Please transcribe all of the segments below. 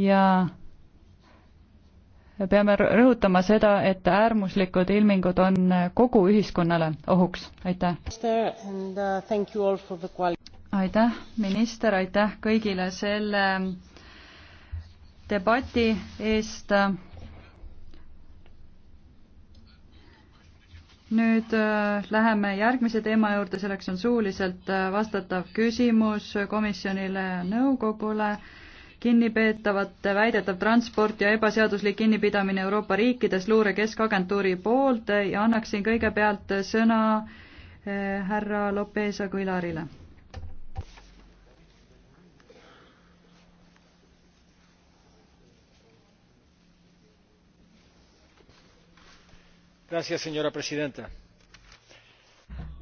ja peame rõhutama seda, et äärmuslikud ilmingud on kogu ühiskonnale ohuks, aitäh. aitäh, minister, aitäh kõigile selle debati eest. nüüd äh, läheme järgmise teema juurde, selleks on suuliselt äh, vastatav küsimus komisjonile ja nõukogule kinnipeetavate väidetav transport ja ebaseaduslik kinnipidamine Euroopa riikides luure keskagentuuri poolt ja annaksin kõigepealt sõna eh, härra Lopez Aguilarile.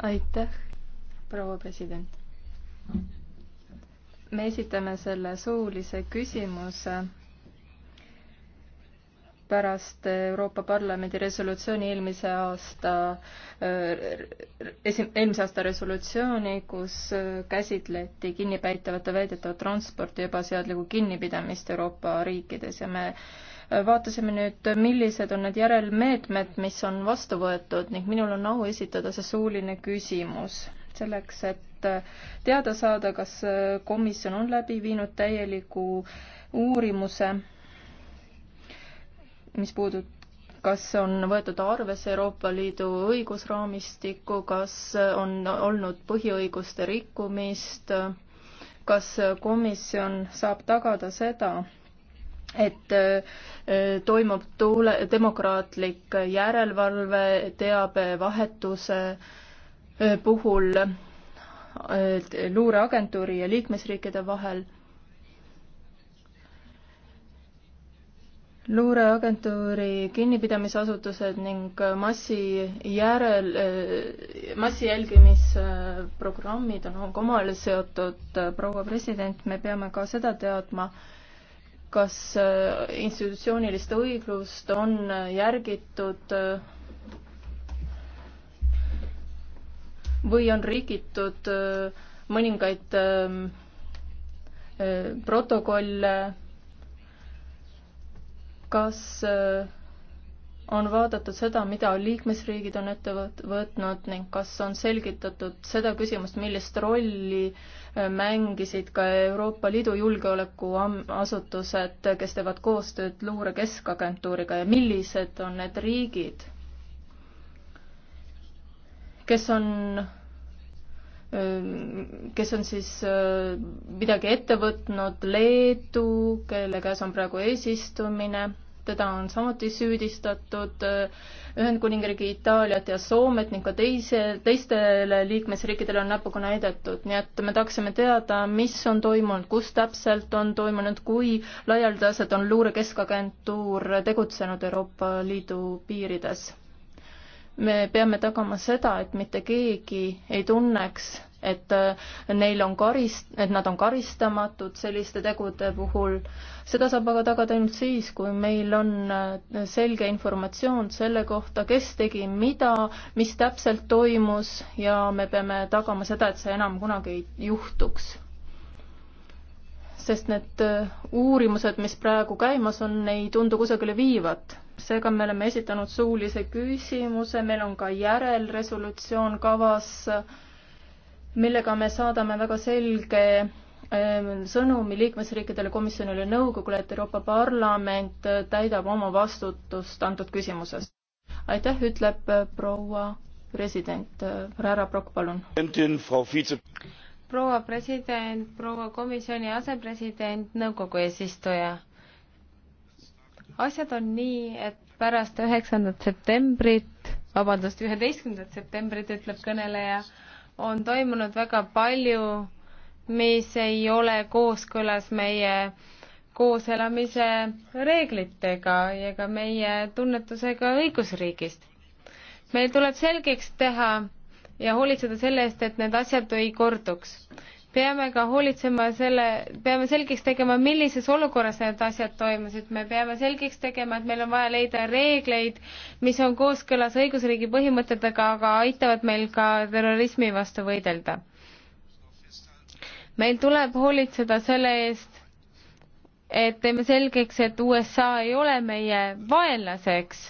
aitäh, proua president me esitame selle suulise küsimuse pärast Euroopa Parlamendi resolutsiooni eelmise aasta, esi-, eelmise aasta resolutsiooni, kus käsitleti kinnipäitavate väidetavat transporti ebaseadlikku kinnipidamist Euroopa riikides ja me vaatasime nüüd, millised on need järelmeetmed, mis on vastu võetud ning minul on au esitada see suuline küsimus selleks, et teada saada, kas komisjon on läbi viinud täieliku uurimuse, mis puudutab kas on võetud arvesse Euroopa Liidu õigusraamistikku, kas on olnud põhiõiguste rikkumist, kas komisjon saab tagada seda, et äh, toimub tuule, demokraatlik järelevalve teabevahetuse puhul luureagentuuri ja liikmesriikide vahel. luureagentuuri kinnipidamisasutused ning massi järel, massi jälgimisprogrammid on omavahel seotud, proua president, me peame ka seda teadma kas institutsioonilist õiglust on järgitud või on rikitud äh, mõningaid ähm, äh, protokolle, kas äh, on vaadatud seda, mida liikmesriigid on ette võtnud ning kas on selgitatud seda küsimust, millist rolli mängisid ka Euroopa Liidu julgeolekuasutused, kes teevad koostööd luurekeskagentuuriga ja millised on need riigid kes on kes on siis midagi ette võtnud, Leedu, kelle käes on praegu eesistumine, teda on samuti süüdistatud, Ühendkuningriigi Itaaliat ja Soomet ning ka teise, teistele liikmesriikidele on näpuga näidatud, nii et me tahaksime teada, mis on toimunud, kus täpselt on toimunud, kui laialdaselt on luurekeskagentuur tegutsenud Euroopa Liidu piirides me peame tagama seda, et mitte keegi ei tunneks, et äh, neil on karist-, et nad on karistamatud selliste tegude puhul. seda saab aga tagada ainult siis, kui meil on äh, selge informatsioon selle kohta, kes tegi mida, mis täpselt toimus ja me peame tagama seda, et see enam kunagi ei juhtuks. sest need äh, uurimused, mis praegu käimas on, ei tundu kusagile viivat seega me oleme esitanud suulise küsimuse, meil on ka järelresolutsioon kavas, millega me saadame väga selge ähm, sõnumi liikmesriikidele, komisjonile, nõukogule, et Euroopa Parlament täidab oma vastutust antud küsimuses. aitäh, ütleb äh, proua president, äh, härra Prokk, palun. proua president, proua komisjoni asepresident, nõukogu eesistuja asjad on nii, et pärast üheksandat septembrit, vabandust, üheteistkümnendat septembrit, ütleb kõneleja, on toimunud väga palju, mis ei ole kooskõlas meie kooselamise reeglitega ja ka meie tunnetusega õigusriigist. meil tuleb selgeks teha ja hoolitseda selle eest, et need asjad ei korduks peame ka hoolitsema selle, peame selgeks tegema, millises olukorras need asjad toimusid, me peame selgeks tegema, et meil on vaja leida reegleid, mis on kooskõlas õigusriigi põhimõtetega, aga aitavad meil ka terrorismi vastu võidelda. meil tuleb hoolitseda selle eest, et teeme selgeks, et USA ei ole meie vaenlaseks.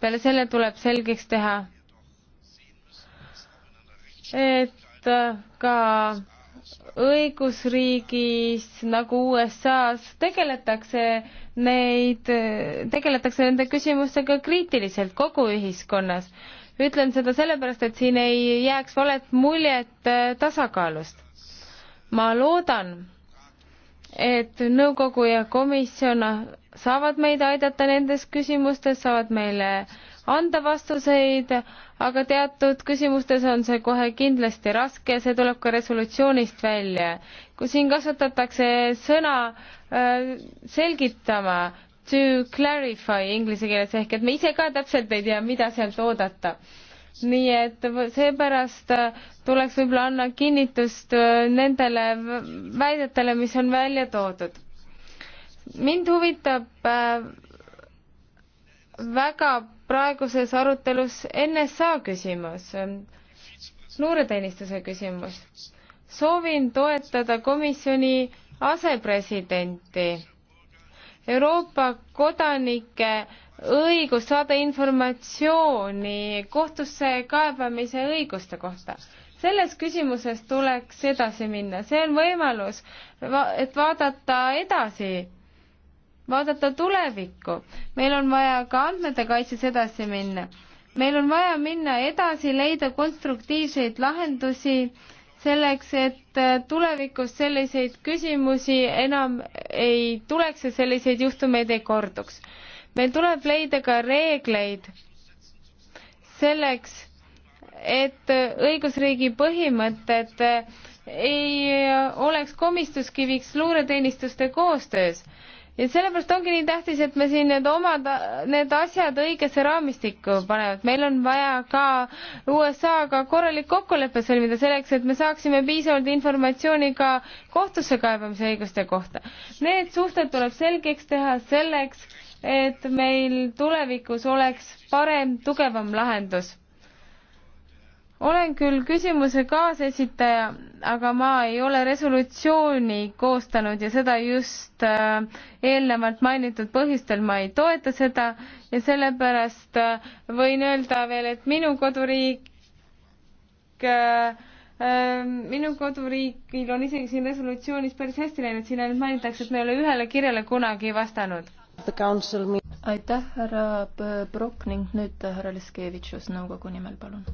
peale selle tuleb selgeks teha, et Äh, ka õigusriigis nagu USA-s tegeletakse neid, tegeletakse nende küsimustega kriitiliselt kogu ühiskonnas. ütlen seda sellepärast, et siin ei jääks valet muljet äh, tasakaalust. ma loodan, et nõukogu ja komisjon saavad meid aidata nendes küsimustes, saavad meile äh, anda vastuseid, aga teatud küsimustes on see kohe kindlasti raske ja see tuleb ka resolutsioonist välja. kui siin kasutatakse sõna äh, selgitama, to clarify inglise keeles ehk et me ise ka täpselt ei tea, mida sealt oodata nii et seepärast äh, tuleks võib-olla anda kinnitust äh, nendele väidetele, mis on välja toodud. mind huvitab äh, väga praeguses arutelus NSA küsimus, luureteenistuse küsimus. soovin toetada komisjoni asepresidenti. Euroopa kodanike õigus saada informatsiooni kohtusse kaebamise õiguste kohta selles küsimuses tuleks edasi minna, see on võimalus, et vaadata edasi vaadata tulevikku. meil on vaja ka andmete kaitses edasi minna. meil on vaja minna edasi, leida konstruktiivseid lahendusi selleks, et äh, tulevikus selliseid küsimusi enam ei tuleks ja selliseid juhtumeid ei korduks. meil tuleb leida ka reegleid selleks, et õigusriigi põhimõtted äh, ei äh, oleks komistuskiviks luureteenistuste koostöös ja sellepärast ongi nii tähtis, et me siin need omad, need asjad õigesse raamistikku paneme, et meil on vaja ka USA-ga korralik kokkulepe sõlmida selleks, et me saaksime piisavalt informatsiooni ka kohtusse kaebamise õiguste kohta. Need suhted tuleb selgeks teha selleks, et meil tulevikus oleks parem, tugevam lahendus olen küll küsimuse kaasesitaja, aga ma ei ole resolutsiooni koostanud ja seda just äh, eelnevalt mainitud põhjustel ma ei toeta seda ja sellepärast äh, võin öelda veel, et minu koduriik äh, minu koduriigil on isegi siin resolutsioonis päris hästi läinud, siin ainult mainitakse, et me ei ole ühele kirjale kunagi vastanud. aitäh, härra Brok ning nüüd härra Leskevitšus nõukogu nimel, palun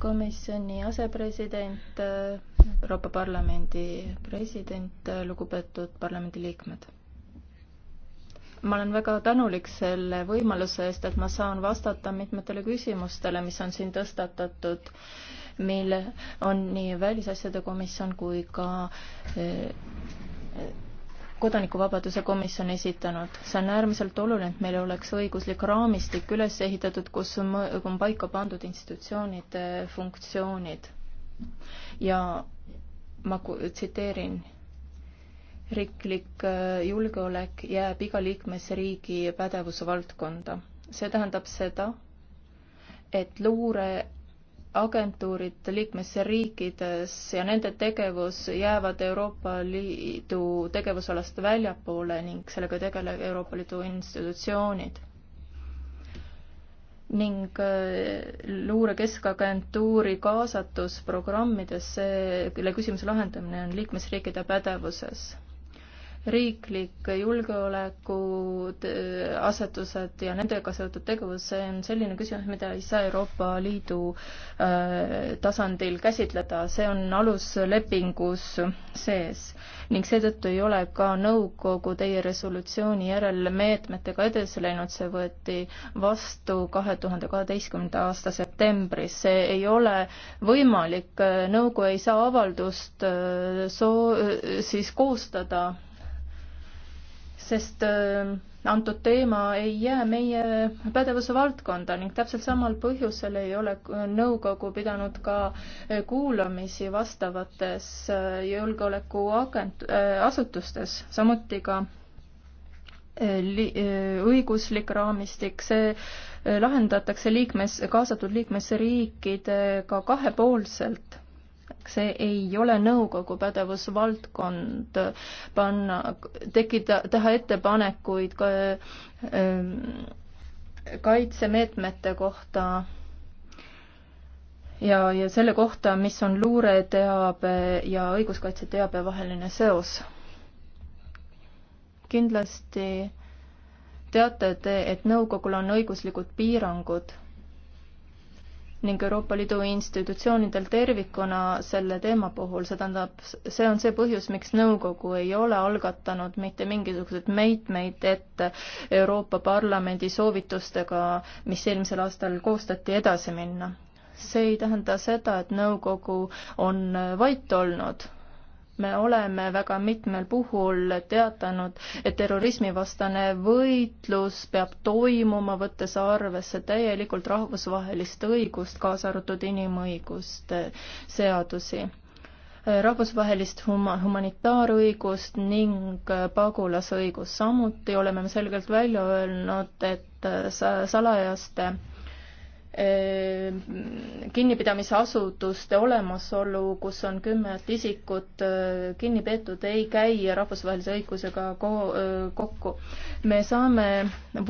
komisjoni asepresident, Euroopa Parlamendi president, lugupeetud parlamendiliikmed. ma olen väga tänulik selle võimaluse eest, et ma saan vastata mitmetele küsimustele, mis on siin tõstatatud, mille on nii Välisasjade Komisjon kui ka eh, kodanikuvabaduse komisjon esitanud. see on äärmiselt oluline, et meil oleks õiguslik raamistik üles ehitatud, kus on, on paika pandud institutsioonide funktsioonid. ja ma tsiteerin, riiklik äh, julgeolek jääb iga liikmesriigi pädevuse valdkonda. see tähendab seda, et luure agentuurid liikmesriikides ja nende tegevus jäävad Euroopa Liidu tegevusalast väljapoole ning sellega tegelevad Euroopa Liidu institutsioonid. ning äh, luure keskagentuuri kaasatus programmidesse, selle küsimuse lahendamine on liikmesriikide pädevuses riiklik julgeoleku äh, asetused ja nendega seotud tegevus, see on selline küsimus, mida ei saa Euroopa Liidu äh, tasandil käsitleda, see on aluslepingus sees ning seetõttu ei ole ka nõukogu teie resolutsiooni järel meetmetega edasi läinud, see võeti vastu kahe tuhande kaheteistkümnenda aasta septembris, see ei ole võimalik, nõukogu ei saa avaldust äh, soo-, siis koostada sest äh, antud teema ei jää meie pädevuse valdkonda ning täpselt samal põhjusel ei ole nõukogu pidanud ka äh, kuulamisi vastavates äh, julgeolekuagent-, asutustes, samuti ka li-, õiguslik raamistik, see lahendatakse liikmes, kaasatud liikmesriikidega kahepoolselt see ei ole nõukogu pädevusvaldkond panna, tekida, teha ettepanekuid ka, ähm, kaitsemeetmete kohta ja, ja selle kohta, mis on luureteabe ja õiguskaitseteabe vaheline seos. kindlasti teate te, et nõukogul on õiguslikud piirangud ning Euroopa Liidu institutsioonidel tervikuna selle teema puhul, see tähendab, see on see põhjus, miks nõukogu ei ole algatanud mitte mingisuguseid meetmeid, et Euroopa Parlamendi soovitustega, mis eelmisel aastal koostati, edasi minna. see ei tähenda seda, et nõukogu on vait olnud me oleme väga mitmel puhul teatanud, et terrorismivastane võitlus peab toimuma, võttes arvesse täielikult rahvusvahelist õigust, kaasa arvatud inimõiguste seadusi rahvusvahelist huma-, humanitaarõigust ning pagulasõigust. samuti oleme me selgelt välja öelnud, et sa-, salajaste Ehm, kinnipidamisasutuste olemasolu, kus on kümmet isikut ehm, kinni peetud, ei käi rahvusvahelise õigusega ehm, kokku. me saame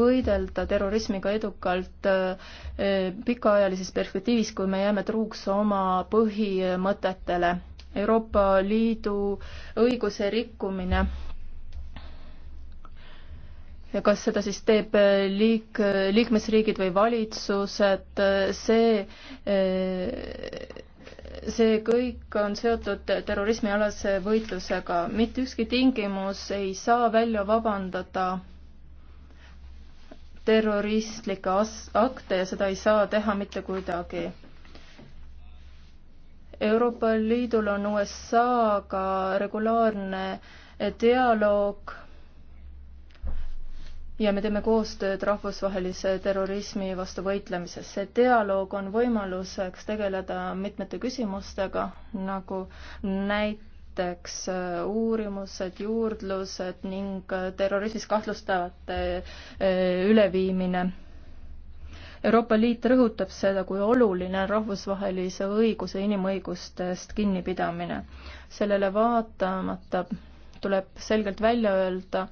võidelda terrorismiga edukalt pikaajalises perspektiivis, kui me jääme truuks oma põhimõtetele. Euroopa Liidu õiguse rikkumine ja kas seda siis teeb äh, liik, liikmesriigid või valitsused, äh, see, äh, see kõik on seotud terrorismialase võitlusega. mitte ükski tingimus ei saa välja vabandada terroristlikke akte ja seda ei saa teha mitte kuidagi. Euroopa Liidul on USA-ga regulaarne dialoog ja me teeme koostööd rahvusvahelise terrorismi vastu võitlemises. see dialoog on võimaluseks tegeleda mitmete küsimustega, nagu näiteks äh, uurimused, juurdlused ning äh, terrorismis kahtlustavate äh, üleviimine. Euroopa Liit rõhutab seda, kui oluline on rahvusvahelise õiguse inimõigustest kinnipidamine. sellele vaatamata tuleb selgelt välja öelda,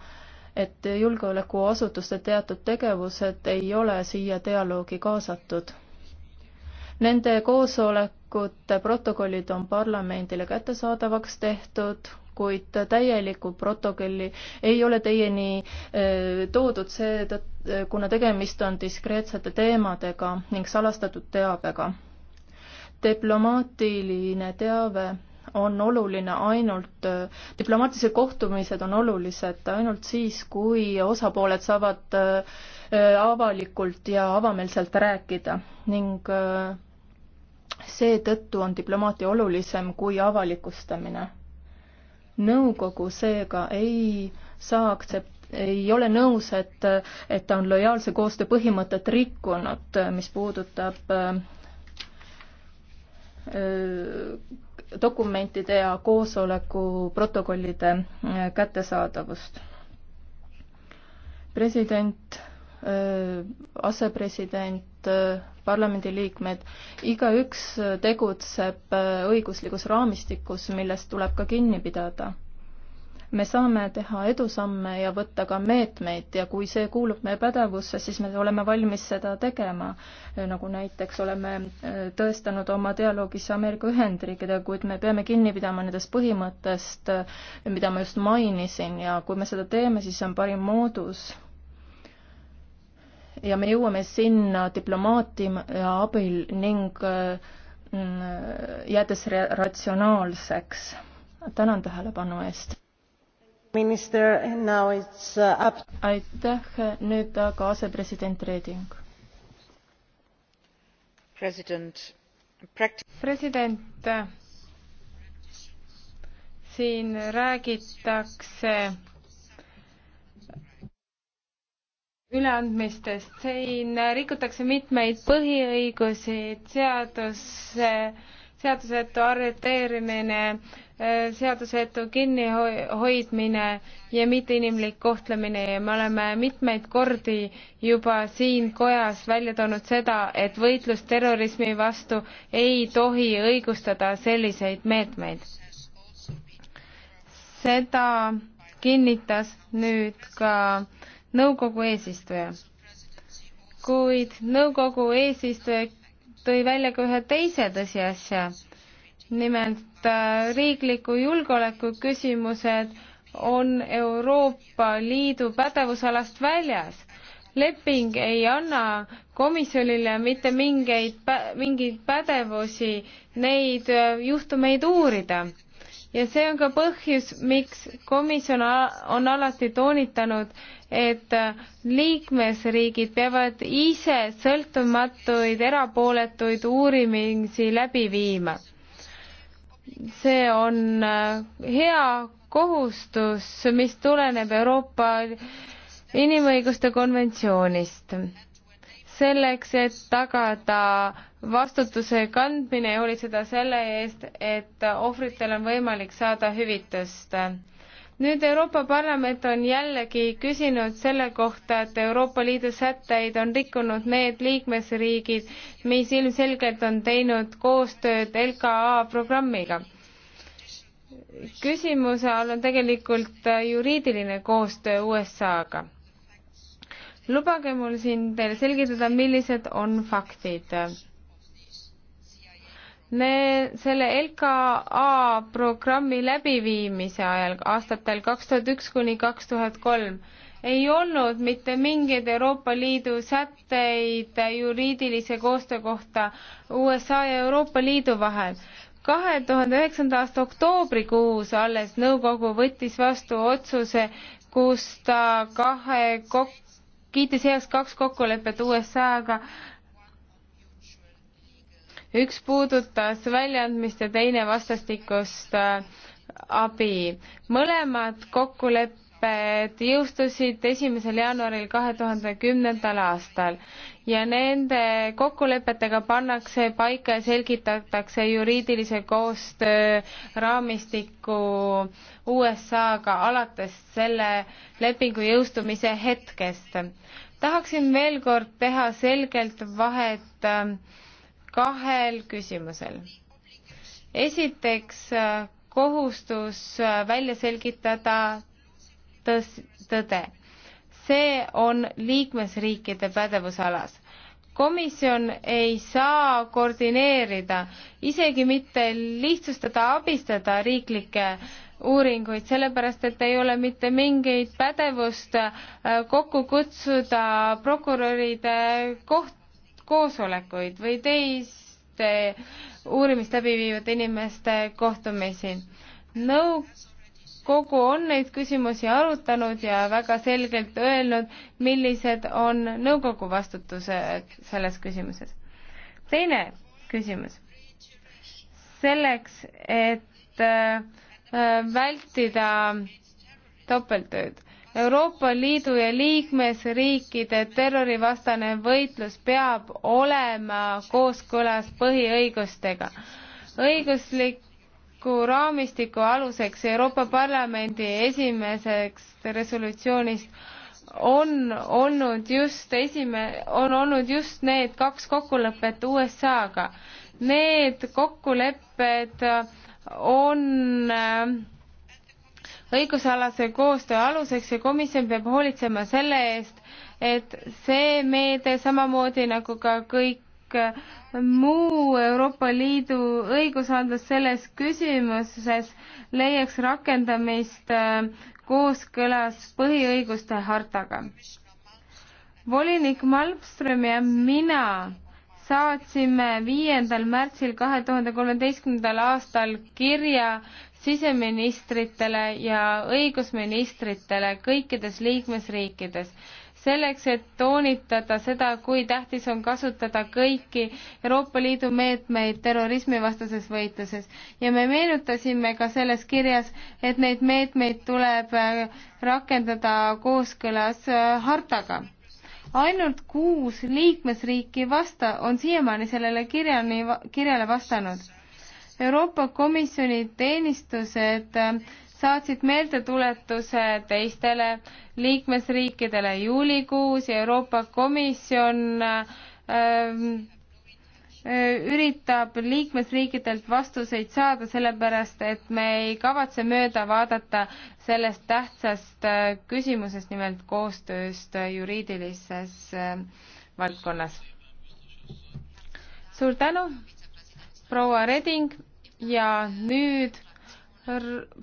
et julgeolekuasutuste teatud tegevused ei ole siia dialoogi kaasatud. Nende koosolekute protokollid on parlamendile kättesaadavaks tehtud, kuid täielikku protokolli ei ole teieni äh, toodud seetõttu, kuna tegemist on diskreetsete teemadega ning salastatud teabega. diplomaatiline teave on oluline ainult, diplomaatilised kohtumised on olulised ainult siis, kui osapooled saavad äh, avalikult ja avameelselt rääkida ning äh, seetõttu on diplomaatia olulisem kui avalikustamine. nõukogu seega ei saa aktsept-, ei ole nõus, et, et ta on lojaalse koostöö põhimõtet rikkunud, mis puudutab äh, Äh, dokumentide ja koosoleku protokollide äh, kättesaadavust. president, äh, asepresident, parlamendiliikmed, igaüks tegutseb õiguslikus raamistikus, millest tuleb ka kinni pidada me saame teha edusamme ja võtta ka meetmeid ja kui see kuulub meie pädevusse, siis me oleme valmis seda tegema. nagu näiteks oleme äh, tõestanud oma dialoogis Ameerika Ühendriikidega, kuid me peame kinni pidama nendest põhimõttest, äh, mida ma just mainisin ja kui me seda teeme, siis see on parim moodus ja me jõuame sinna diplomaatia abil ning äh, mm, jäädes ratsionaalseks. tänan tähelepanu eest! Minister, now it's uh, up. aitäh, nüüd aga asepresident Reding. president, president, siin räägitakse üleandmistest, siin rikutakse mitmeid põhiõigusi, seaduse äh, seadusetu arreteerimine, eh, seadusetu kinnihoidmine ja mitteinimlik kohtlemine ja me oleme mitmeid kordi juba siin kojas välja toonud seda, et võitlus terrorismi vastu ei tohi õigustada selliseid meetmeid. seda kinnitas nüüd ka nõukogu eesistuja kuid nõukogu eesistuja tõi välja ka ühe teise tõsiasja. nimelt äh, riikliku julgeoleku küsimused on Euroopa Liidu pädevusalast väljas. leping ei anna komisjonile mitte mingeid, mingeid pädevusi neid äh, juhtumeid uurida ja see on ka põhjus, miks komisjon on alati toonitanud, et äh, liikmesriigid peavad ise sõltumatuid erapooletuid uurimisi läbi viima. see on äh, hea kohustus, mis tuleneb Euroopa inimõiguste konventsioonist selleks, et tagada vastutuse kandmine ja hoolitseda selle eest, et ohvritel on võimalik saada hüvitust. nüüd Euroopa Parlament on jällegi küsinud selle kohta, et Euroopa Liidu sätteid on rikkunud need liikmesriigid, mis ilmselgelt on teinud koostööd LKA programmiga. küsimuse all on tegelikult juriidiline koostöö USA-ga lubage mul siin teile selgitada, millised on faktid. Me selle LKA programmi läbiviimise ajal aastatel kaks tuhat üks kuni kaks tuhat kolm ei olnud mitte mingeid Euroopa Liidu sätteid juriidilise koostöö kohta USA ja Euroopa Liidu vahel kahe tuhande üheksanda aasta oktoobrikuus alles nõukogu võttis vastu otsuse, kus ta kahe kok-, kiitis heaks kaks kokkulepet USA-ga. üks puudutas väljaandmist ja teine vastastikust äh, abi. mõlemad kokkulepped lepped jõustusid esimesel jaanuaril kahe tuhande kümnendal aastal ja nende kokkulepetega pannakse paika ja selgitatakse juriidilise koostöö raamistikku USA-ga alates selle lepingu jõustumise hetkest. tahaksin veel kord teha selgelt vahet ähm, kahel küsimusel. esiteks äh, kohustus äh, välja selgitada tõs-, tõde. see on liikmesriikide pädevusalas. komisjon ei saa koordineerida, isegi mitte lihtsustada, abistada riiklikke uuringuid, sellepärast et ei ole mitte mingeid pädevust äh, kokku kutsuda prokuröride koht-, koosolekuid või teiste uurimist läbi viivate inimeste kohtumisi. nõu-, kogu on neid küsimusi arutanud ja väga selgelt öelnud, millised on nõukogu vastutused selles küsimuses. teine küsimus. selleks, et äh, vältida topelttööd. Euroopa Liidu ja liikmesriikide terrorivastane võitlus peab olema kooskõlas põhiõigustega. õiguslik kui raamistiku aluseks Euroopa Parlamendi esimesest resolutsioonist on olnud just esime-, on olnud just need kaks kokkulepet USA-ga. Need kokkulepped on äh, õigusalase koostöö aluseks ja komisjon peab hoolitsema selle eest, et see meede samamoodi nagu ka kõik muu Euroopa Liidu õigusandlus selles küsimuses leiaks rakendamist äh, kooskõlas põhiõiguste hartaga. volinik Malmström ja mina saatsime viiendal märtsil kahe tuhande kolmeteistkümnendal aastal kirja siseministritele ja õigusministritele kõikides liikmesriikides selleks, et toonitada seda, kui tähtis on kasutada kõiki Euroopa Liidu meetmeid terrorismivastases võitluses. ja me meenutasime ka selles kirjas, et neid meetmeid tuleb rakendada kooskõlas äh, hartaga ainult kuus liikmesriiki vasta, on siiamaani sellele kirjani, kirjale vastanud. Euroopa Komisjoni teenistused äh, saatsid meeldetuletuse teistele liikmesriikidele juulikuus ja Euroopa Komisjon ähm, äh, üritab liikmesriikidelt vastuseid saada, sellepärast et me ei kavatse mööda vaadata sellest tähtsast äh, küsimusest, nimelt koostööst äh, juriidilises valdkonnas. suur tänu, proua Reding ja nüüd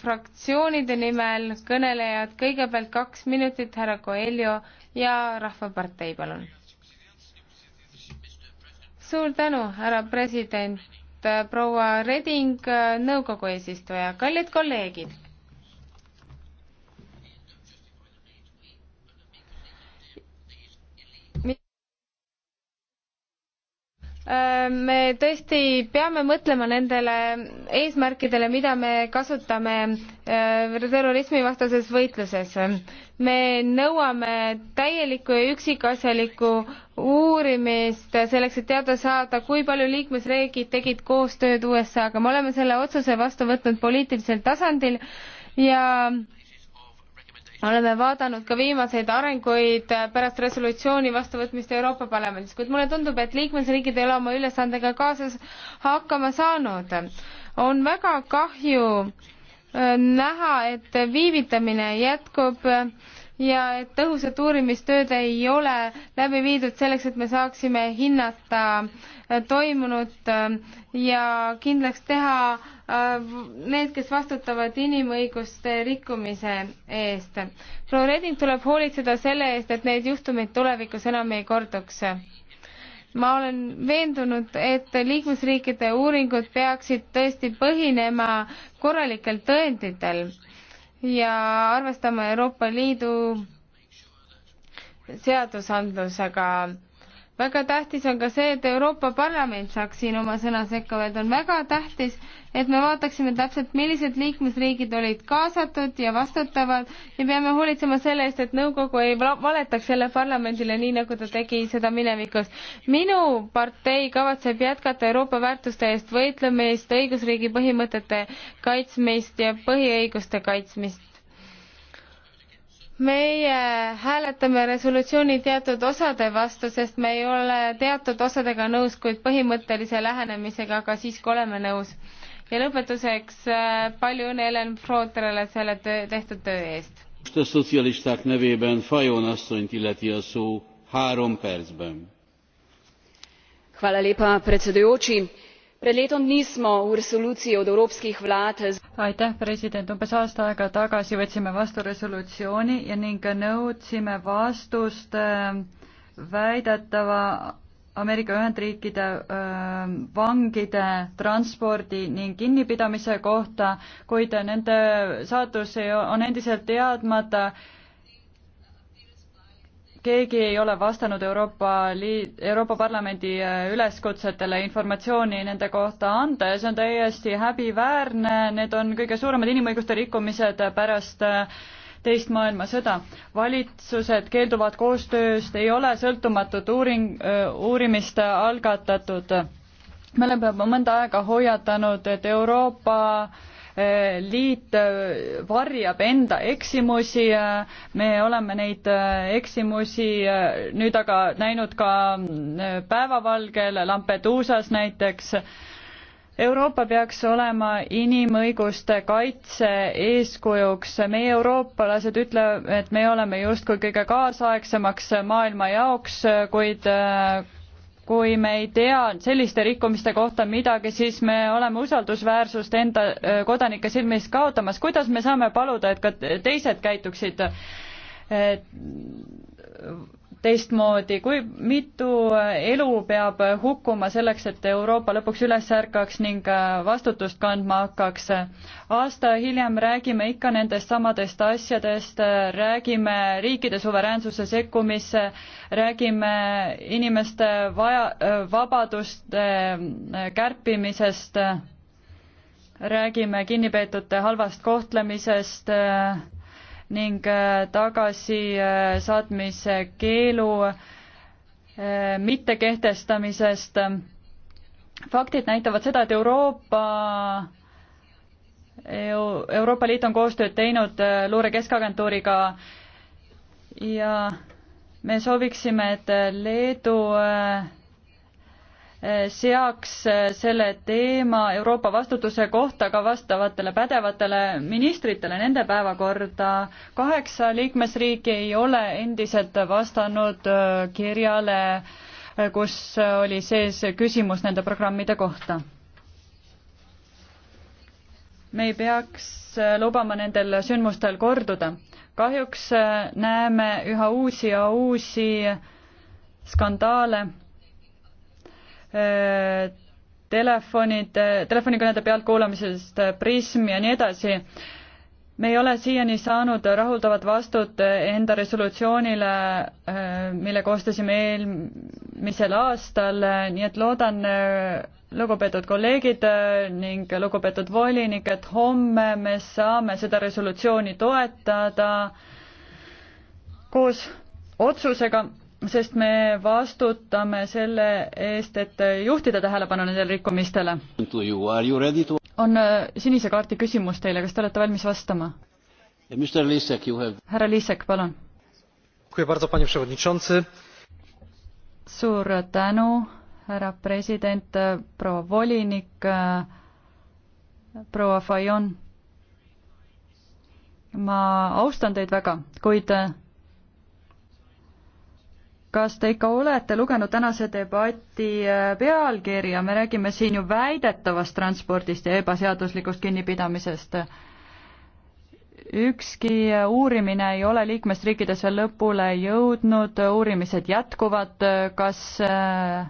fraktsioonide nimel kõnelejad, kõigepealt kaks minutit, härra Coelho ja Rahvapartei, palun. suur tänu, härra president, proua Reding, nõukogu eesistuja, kallid kolleegid Äh, me tõesti peame mõtlema nendele eesmärkidele, mida me kasutame äh, terrorismivastases võitluses. me nõuame täielikku ja üksikasjalikku uurimist selleks, et teada saada, kui palju liikmesriigid tegid koostööd USA-ga. me oleme selle otsuse vastu võtnud poliitilisel tasandil ja oleme vaadanud ka viimaseid arenguid pärast resolutsiooni vastuvõtmist Euroopa Parlamendis, kuid mulle tundub, et liikmesriigid ei ole oma ülesandega kaasas hakkama saanud. on väga kahju äh, näha, et viivitamine jätkub ja et tõhusat uurimistööd ei ole läbi viidud selleks, et me saaksime hinnata äh, toimunut ähm, ja kindlaks teha äh, need, kes vastutavad inimõiguste rikkumise eest. proua Reding tuleb hoolitseda selle eest, et neid juhtumeid tulevikus enam ei korduks ma olen veendunud, et liikmesriikide uuringud peaksid tõesti põhinema korralikel tõenditel ja arvestama Euroopa Liidu seadusandlusega väga tähtis on ka see, et Euroopa Parlament saaks siin oma sõna sekka öelda, on väga tähtis, et me vaataksime täpselt, millised liikmesriigid olid kaasatud ja vastutavad ja peame hoolitsema selle eest, et nõukogu ei valetaks jälle parlamendile, nii nagu ta tegi seda minevikus. minu partei kavatseb jätkata Euroopa väärtuste eest võitlemist, õigusriigi põhimõtete kaitsmist ja põhiõiguste kaitsmist meie hääletame resolutsiooni teatud osade vastu, sest me ei ole teatud osadega nõus, kuid põhimõttelise lähenemisega ka siiski oleme nõus. ja lõpetuseks äh, palju õnne Helen Frotterele selle töö, tehtud töö eest. sotsialisták nevében Fajon asszonyt illeti a szó három percben. Hvala lepa predsedujoči pred letom dni smo v resoluciji od evropskih vlad aitäh president umbes aasta aega tagasi võtsime vastu resolutsiooni ja ning nõudsime vastust ähm, väidetava Ameerika Ühendriikide ähm, vangide transpordi ning kinnipidamise kohta, kuid nende saatus on endiselt teadmata keegi ei ole vastanud Euroopa Liit, Euroopa Parlamendi äh, üleskutsetele informatsiooni nende kohta anda ja see on täiesti häbiväärne, need on kõige suuremad inimõiguste rikkumised pärast äh, teist maailmasõda. valitsused keelduvad koostööst, ei ole sõltumatut uuring, äh, uurimist algatatud. me oleme mõnda aega hoiatanud, et Euroopa Liit äh, varjab enda eksimusi, äh, me oleme neid äh, eksimusi nüüd aga näinud ka päevavalgel Lampeduusas näiteks Euroopa peaks olema inimõiguste kaitse eeskujuks. meie, eurooplased, ütleme, et me oleme justkui kõige kaasaegsemaks maailma jaoks, kuid kui me ei tea selliste rikkumiste kohta midagi, siis me oleme usaldusväärsust enda äh, kodanike silmis kaotamas. kuidas me saame paluda, et ka teised käituksid teistmoodi, kui mitu elu peab hukkuma selleks, et Euroopa lõpuks üles ärkaks ning vastutust kandma hakkaks. aasta hiljem räägime ikka nendest samadest asjadest, räägime riikide suveräänsuse sekkumisse, räägime inimeste vaja, vabaduste kärpimisest, räägime kinnipeetute halvast kohtlemisest ning äh, tagasisaatmise äh, keelu äh, mittekehtestamisest. faktid näitavad seda, et Euroopa Euroopa Liit on koostööd teinud Luure Keskagentuuriga ja me sooviksime, et Leedu seaks äh, selle teema Euroopa vastutuse kohta ka vastavatele pädevatele ministritele nende päevakorda. kaheksa liikmesriiki ei ole endiselt vastanud äh, kirjale, äh, kus oli sees küsimus nende programmide kohta. me ei peaks lubama nendel sündmustel korduda. kahjuks näeme üha uusi ja uusi skandaale Äh, telefonide, äh, telefonikõnede pealtkuulamisest, äh, Prism ja nii edasi. me ei ole siiani saanud rahuldavat vastut enda resolutsioonile, mille koostasime eelmisel aastal, nii et loodan, lugupeetud kolleegid ning lugupeetud volinik, et homme me saame seda resolutsiooni toetada koos otsusega sest me vastutame selle eest, et juhtida tähelepanu nendele rikkumistele. To... on äh, sinise kaardi küsimus teile, kas te olete valmis vastama? härra Liisek, palun. suur tänu, härra president, proua volinik, proua Fajon. ma austan teid väga, kuid te kas te ikka olete lugenud tänase debati äh, pealkirja, me räägime siin ju väidetavast transpordist ja ebaseaduslikust kinnipidamisest. ükski äh, uurimine ei ole liikmesriikides veel lõpule jõudnud, uurimised jätkuvad, kas äh,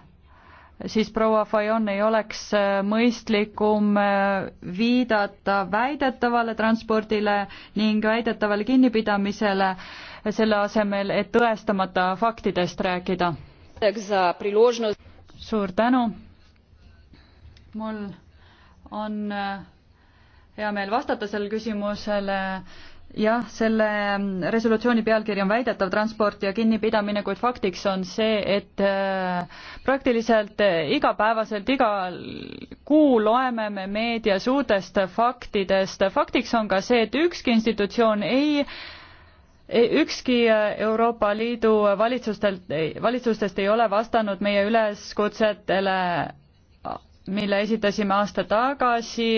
siis proua Fajon ei oleks mõistlikum viidata väidetavale transpordile ning väidetavale kinnipidamisele selle asemel, et tõestamata faktidest rääkida. suur tänu. mul on äh, hea meel vastata sellele küsimusele jah, selle mm, resolutsiooni pealkiri on väidetav transport ja kinnipidamine, kuid faktiks on see, et äh, praktiliselt äh, igapäevaselt igal kuu loeme me meedias uutest faktidest. faktiks on ka see, et ükski institutsioon ei E, ükski e, Euroopa Liidu valitsustelt, e, valitsustest ei ole vastanud meie üleskutsetele, mille esitasime aasta tagasi.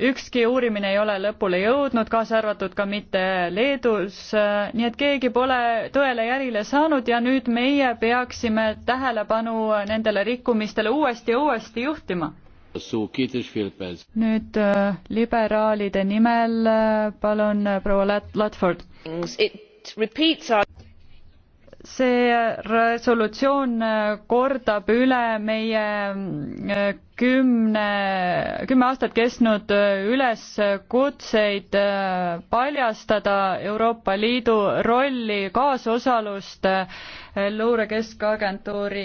ükski uurimine ei ole lõpule jõudnud, kaasa arvatud ka mitte Leedus, nii et keegi pole tõele järile saanud ja nüüd meie peaksime tähelepanu nendele rikkumistele uuesti ja uuesti juhtima nüüd liberaalide nimel palun proua Lat-, Latford see resolutsioon kordab üle meie äh, kümne, kümme aastat kestnud äh, üleskutseid äh, paljastada Euroopa Liidu rolli, kaasosalust luure keskagentuuri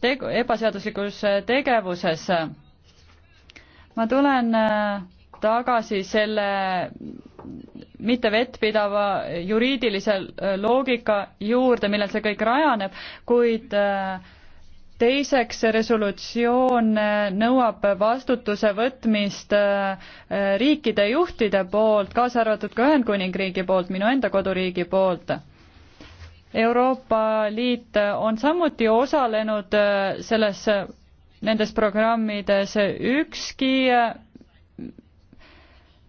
tegu, ebaseaduslikus tegevuses. ma tulen tagasi selle mitte vettpidava juriidilise loogika juurde, millel see kõik rajaneb, kuid äh, teiseks, see resolutsioon äh, nõuab vastutuse võtmist äh, riikide juhtide poolt, kaasa arvatud ka Ühendkuningriigi poolt, minu enda koduriigi poolt Euroopa Liit on samuti osalenud selles, nendes programmides, ükski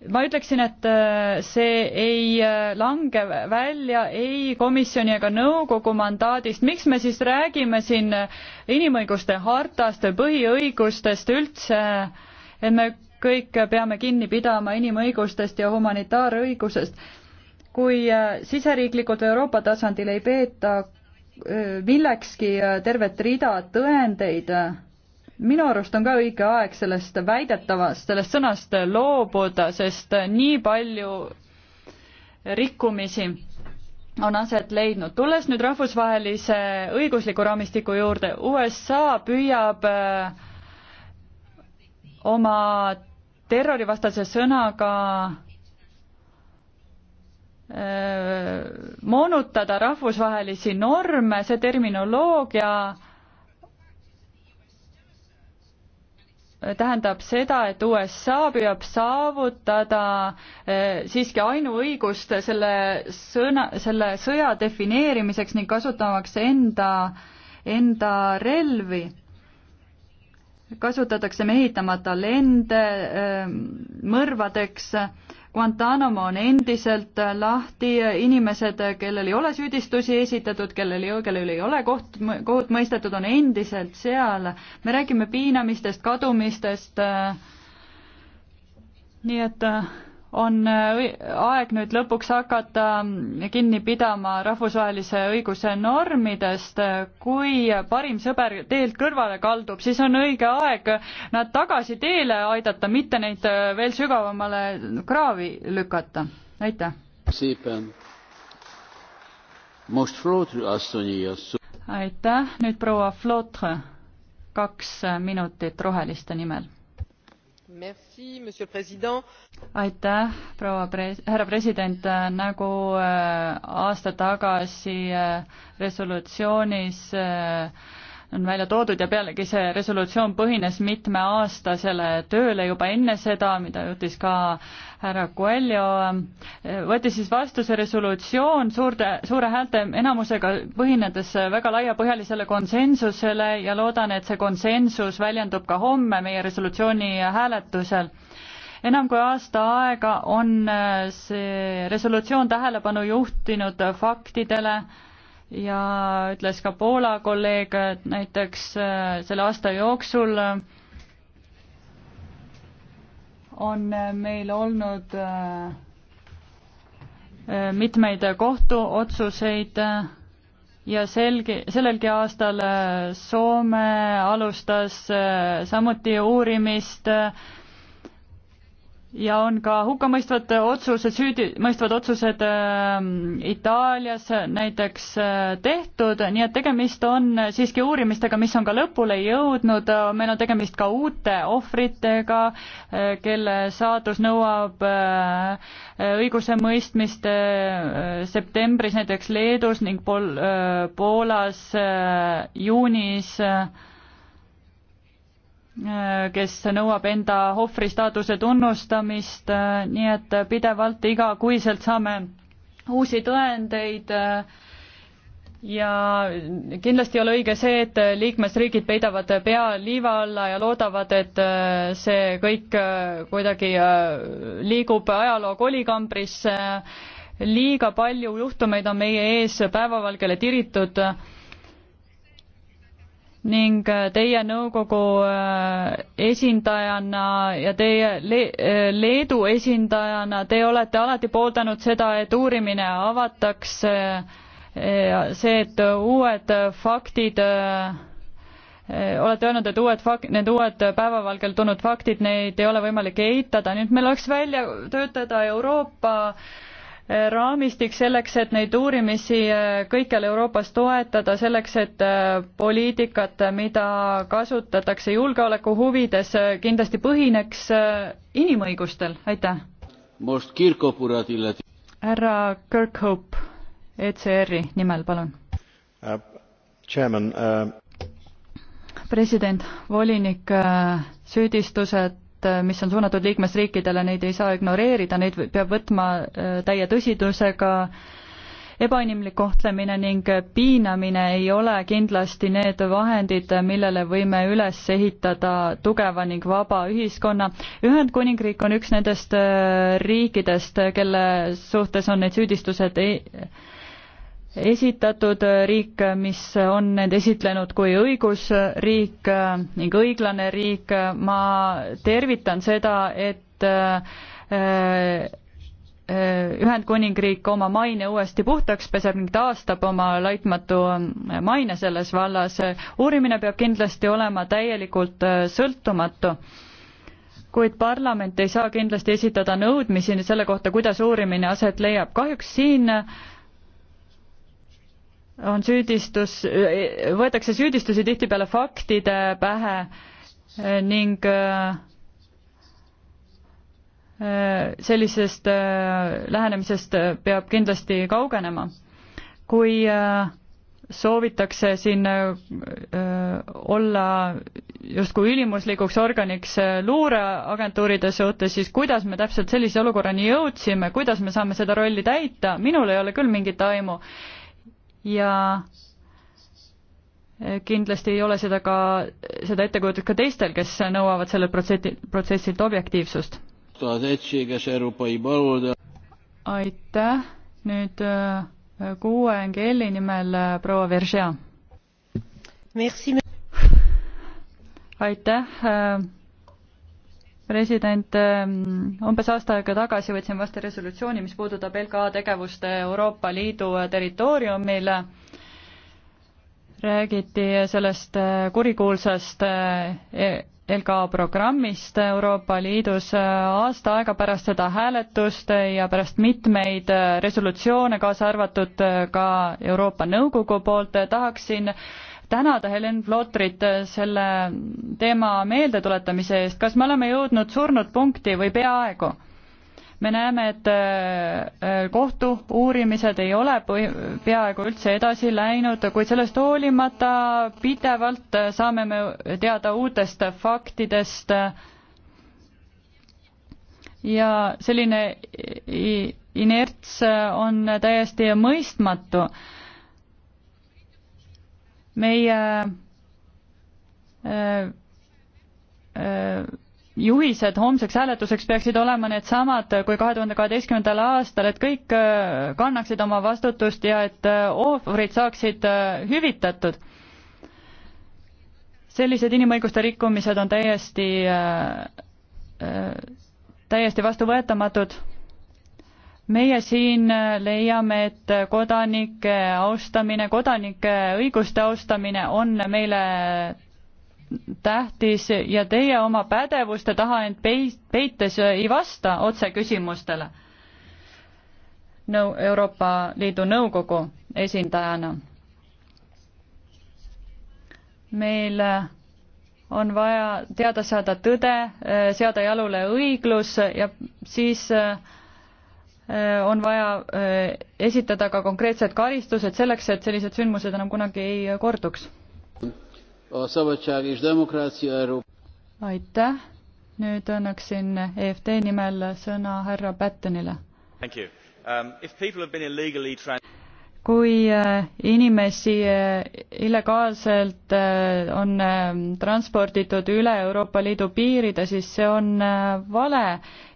ma ütleksin, et äh, see ei äh, lange välja ei komisjoni ega nõukogu mandaadist, miks me siis räägime siin äh, inimõiguste hartast või põhiõigustest üldse, et me kõik peame kinni pidama inimõigustest ja humanitaarõigusest. kui siseriiklikult Euroopa tasandil ei peeta millekski tervet rida tõendeid, minu arust on ka õige aeg sellest väidetavast, sellest sõnast loobuda, sest nii palju rikkumisi on aset leidnud. tulles nüüd rahvusvahelise õigusliku raamistiku juurde, USA püüab äh, oma terrorivastase sõnaga äh, moonutada rahvusvahelisi norme, see terminoloogia tähendab seda, et USA püüab saavutada eh, siiski ainuõigust selle sõna, selle sõja defineerimiseks ning kasutamaks enda, enda relvi. kasutatakse mehitamata lende eh, mõrvadeks Guantanamo on endiselt lahti, inimesed, kellel ei ole süüdistusi esitatud, kellel ei, kellel ei ole koht, kohut mõistetud, on endiselt seal. me räägime piinamistest, kadumistest. nii et on äh, aeg nüüd lõpuks hakata kinni pidama rahvusvahelise õiguse normidest. kui parim sõber teelt kõrvale kaldub, siis on õige aeg nad tagasi teele aidata, mitte neid äh, veel sügavamale kraavi lükata. aitäh. aitäh, nüüd proua Flotre, kaks minutit roheliste nimel aitäh, proua pres-, härra president, nagu äh, aasta tagasi äh, resolutsioonis äh, on välja toodud ja pealegi see resolutsioon põhines mitmeaastasele tööle juba enne seda, mida juhtis ka härra Coelho, võttis siis vastu see resolutsioon suurte, suure häälte enamusega, põhinedes väga laiapõhjalisele konsensusele ja loodan, et see konsensus väljendub ka homme meie resolutsiooni hääletusel enam kui aasta aega on see resolutsioon tähelepanu juhtinud faktidele, ja ütles ka Poola kolleeg, et näiteks äh, selle aasta jooksul on meil olnud äh, äh, mitmeid kohtuotsuseid ja selgi, sellelgi aastal Soome alustas samuti uurimist äh, ja on ka hukkamõistvad otsused, süüdimõistvad otsused äh, Itaalias näiteks äh, tehtud, nii et tegemist on siiski uurimistega, mis on ka lõpule jõudnud, meil on tegemist ka uute ohvritega äh,, kelle saatus nõuab äh, õigusemõistmist äh, septembris näiteks Leedus ning Pol- äh,, Poolas äh, juunis äh, Äh, kes nõuab enda ohvri staatuse tunnustamist, äh, nii et pidevalt igakuiselt saame uusi tõendeid äh, ja kindlasti ei ole õige see, et liikmesriigid peidavad pea liiva alla ja loodavad, et see kõik kuidagi liigub ajaloo kolikambrisse. liiga palju juhtumeid on meie ees päevavalgele tiritud ning äh, teie nõukogu äh, esindajana ja teie Le äh, Leedu esindajana, te olete alati pooldanud seda, et uurimine avatakse, see, et uued faktid olete öelnud, et uued fak-, need uued päevavalgel tulnud faktid, neid ei ole võimalik eitada, nüüd meil oleks välja töötada Euroopa äh, raamistik selleks, et neid uurimisi äh, kõikjal Euroopas toetada, selleks et äh, poliitikat, äh, mida kasutatakse julgeoleku huvides, kindlasti põhineks inimõigustel, aitäh! härra Kirkhope ECR-i nimel, palun uh,. Chairman uh... president, volinik, süüdistused meetmed, äh, mis on suunatud liikmesriikidele, neid ei saa ignoreerida, neid peab võtma äh, täie tõsidusega, ebainimlik kohtlemine ning piinamine ei ole kindlasti need vahendid, millele võime üles ehitada tugeva ning vaba ühiskonna. Ühendkuningriik on üks nendest äh, riikidest, kelle suhtes on need süüdistused ei esitatud riik, mis on need esitlenud kui õigusriik ning õiglane riik. ma tervitan seda, et äh, äh, Ühendkuningriik oma maine uuesti puhtaks peseb ning taastab oma laitmatu maine selles vallas. uurimine peab kindlasti olema täielikult äh, sõltumatu, kuid parlament ei saa kindlasti esitada nõudmisi selle kohta, kuidas uurimine aset leiab. kahjuks siin äh, on süüdistus, võetakse süüdistusi tihtipeale faktide pähe eh, ning eh, eh, sellisest lähenemisest peab kindlasti kaugenema. kui soovitakse siin olla justkui ülimuslikuks organiks luureagentuuride suhtes, siis kuidas me täpselt sellise olukorrani jõudsime, kuidas me saame seda rolli täita, minul ei ole küll mingit aimu ja kindlasti ei ole seda ka, seda ettekujutust ka teistel, kes nõuavad sellelt protsessi, protsessilt objektiivsust. aitäh, nüüd äh, kuue NGL-i nimel äh, proua Veržea. aitäh äh, president, ähm, umbes aasta aega tagasi võtsin vastu resolutsiooni, mis puudutab LKA tegevust Euroopa Liidu territooriumil. räägiti sellest äh, kurikuulsast äh, e-, LKA programmist Euroopa Liidus aasta aega pärast seda hääletust ja pärast mitmeid äh, resolutsioone, kaasa arvatud ka Euroopa Nõukogu poolt, tahaksin tänada Helen Flotrit selle teema meeldetuletamise eest, kas me oleme jõudnud surnud punkti või peaaegu? me näeme, et äh, kohtu uurimised ei ole peaaegu üldse edasi läinud, kuid sellest hoolimata pidevalt saame me teada uutest faktidest ja selline inerts on täiesti mõistmatu meie äh, äh, juhised homseks hääletuseks peaksid olema needsamad kui kahe tuhande kaheteistkümnendal aastal, et kõik äh, kannaksid oma vastutust ja et ohvrid saaksid hüvitatud. sellised inimõiguste rikkumised on täiesti, täiesti vastuvõetamatud meie siin leiame, et kodanike austamine, kodanike õiguste austamine on meile tähtis ja teie oma pädevuste taha end peites ei vasta otse küsimustele nõu-, Euroopa Liidu Nõukogu esindajana. meil on vaja teada saada tõde, seada jalule õiglus ja siis äh, Äh, on vaja äh, esitada ka konkreetsed karistused selleks, et sellised sündmused enam kunagi ei korduks. aitäh, nüüd annaksin EFD nimel sõna härra Pattonile. Um, kui äh, inimesi illegaalselt on transporditud üle Euroopa Liidu piiride, siis see on vale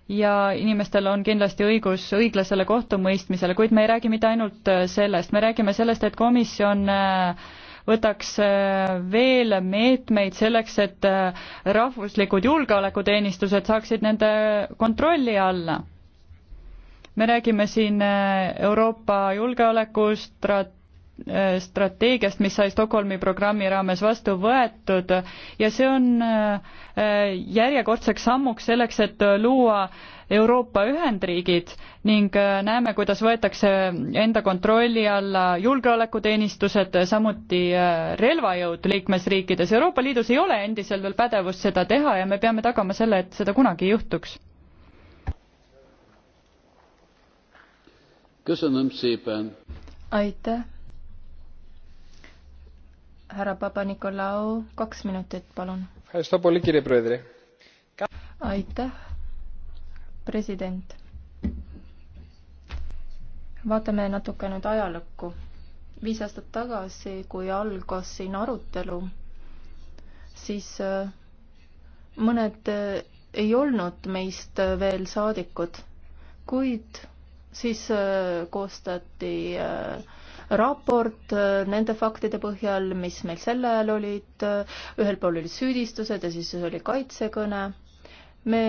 ja inimestel on kindlasti õigus õiglasele kohtumõistmisele, kuid me ei räägi mitte ainult äh, sellest, me räägime sellest, et komisjon äh, võtaks äh, veel meetmeid selleks, et rahvuslikud julgeolekuteenistused saaksid nende kontrolli alla. me räägime siin Euroopa julgeolekustrat-, Äh, strateegiast, mis sai Stockholmi programmi raames vastu võetud ja see on äh, järjekordseks sammuks selleks, et luua Euroopa ühendriigid ning äh, näeme, kuidas võetakse enda kontrolli alla julgeolekuteenistused, samuti relvajõud liikmesriikides. Euroopa Liidus ei ole endiselt veel pädevust seda teha ja me peame tagama selle, et seda kunagi ei juhtuks. aitäh härra Papa-Nikolau, kaks minutit, palun. aitäh, president. vaatame natuke nüüd ajalukku. viis aastat tagasi, kui algas siin arutelu, siis äh, mõned äh, ei olnud meist äh, veel saadikud, kuid siis koostati äh, raport äh, nende faktide põhjal, mis meil sel ajal olid, ühel pool olid süüdistused ja siis oli kaitsekõne. me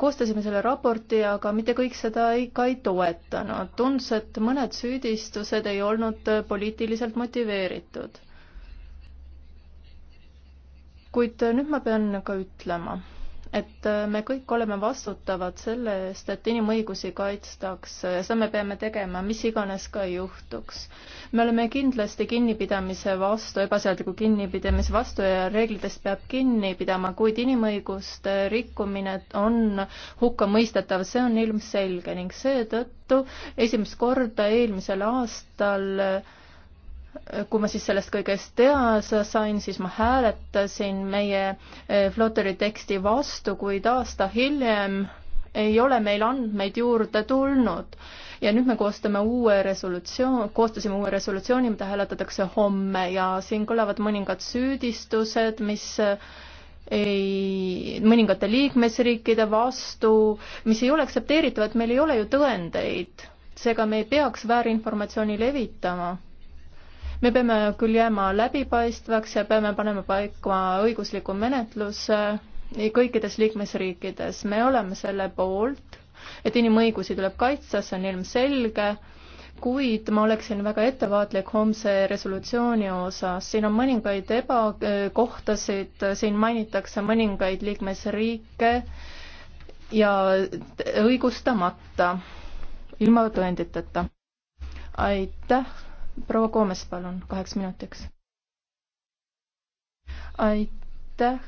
koostasime selle raporti, aga mitte kõik seda ikka ei toetanud. tundus, et mõned süüdistused ei olnud äh, poliitiliselt motiveeritud. kuid äh, nüüd ma pean ka ütlema et äh, me kõik oleme vastutavad selle eest, et inimõigusi kaitstakse ja seda me peame tegema, mis iganes ka juhtuks. me oleme kindlasti kinnipidamise vastu, ebaseadusliku kinnipidamise vastu ja reeglitest peab kinni pidama, kuid inimõiguste rikkumine on hukkamõistetav, see on ilmselge ning seetõttu esimest korda eelmisel aastal äh, kui ma siis sellest kõigest teada sain, siis ma hääletasin meie eh, Flutteri teksti vastu, kuid aasta hiljem ei ole meil andmeid juurde tulnud. ja nüüd me koostame uue resolutsioon, koostasime uue resolutsiooni, mida hääletatakse homme ja siin kõlavad mõningad süüdistused, mis eh, ei, mõningate liikmesriikide vastu, mis ei ole aktsepteeritavad, meil ei ole ju tõendeid. seega me ei peaks väärinformatsiooni levitama me peame küll jääma läbipaistvaks ja peame panema paika õigusliku menetluse kõikides liikmesriikides. me oleme selle poolt, et inimõigusi tuleb kaitsta, see on ilmselge, kuid ma oleksin väga ettevaatlik homse resolutsiooni osas. siin on mõningaid ebakohtasid, siin mainitakse mõningaid liikmesriike ja õigustamata, ilma tõenditeta. aitäh proua Koomes, palun, kaheks minutiks. aitäh,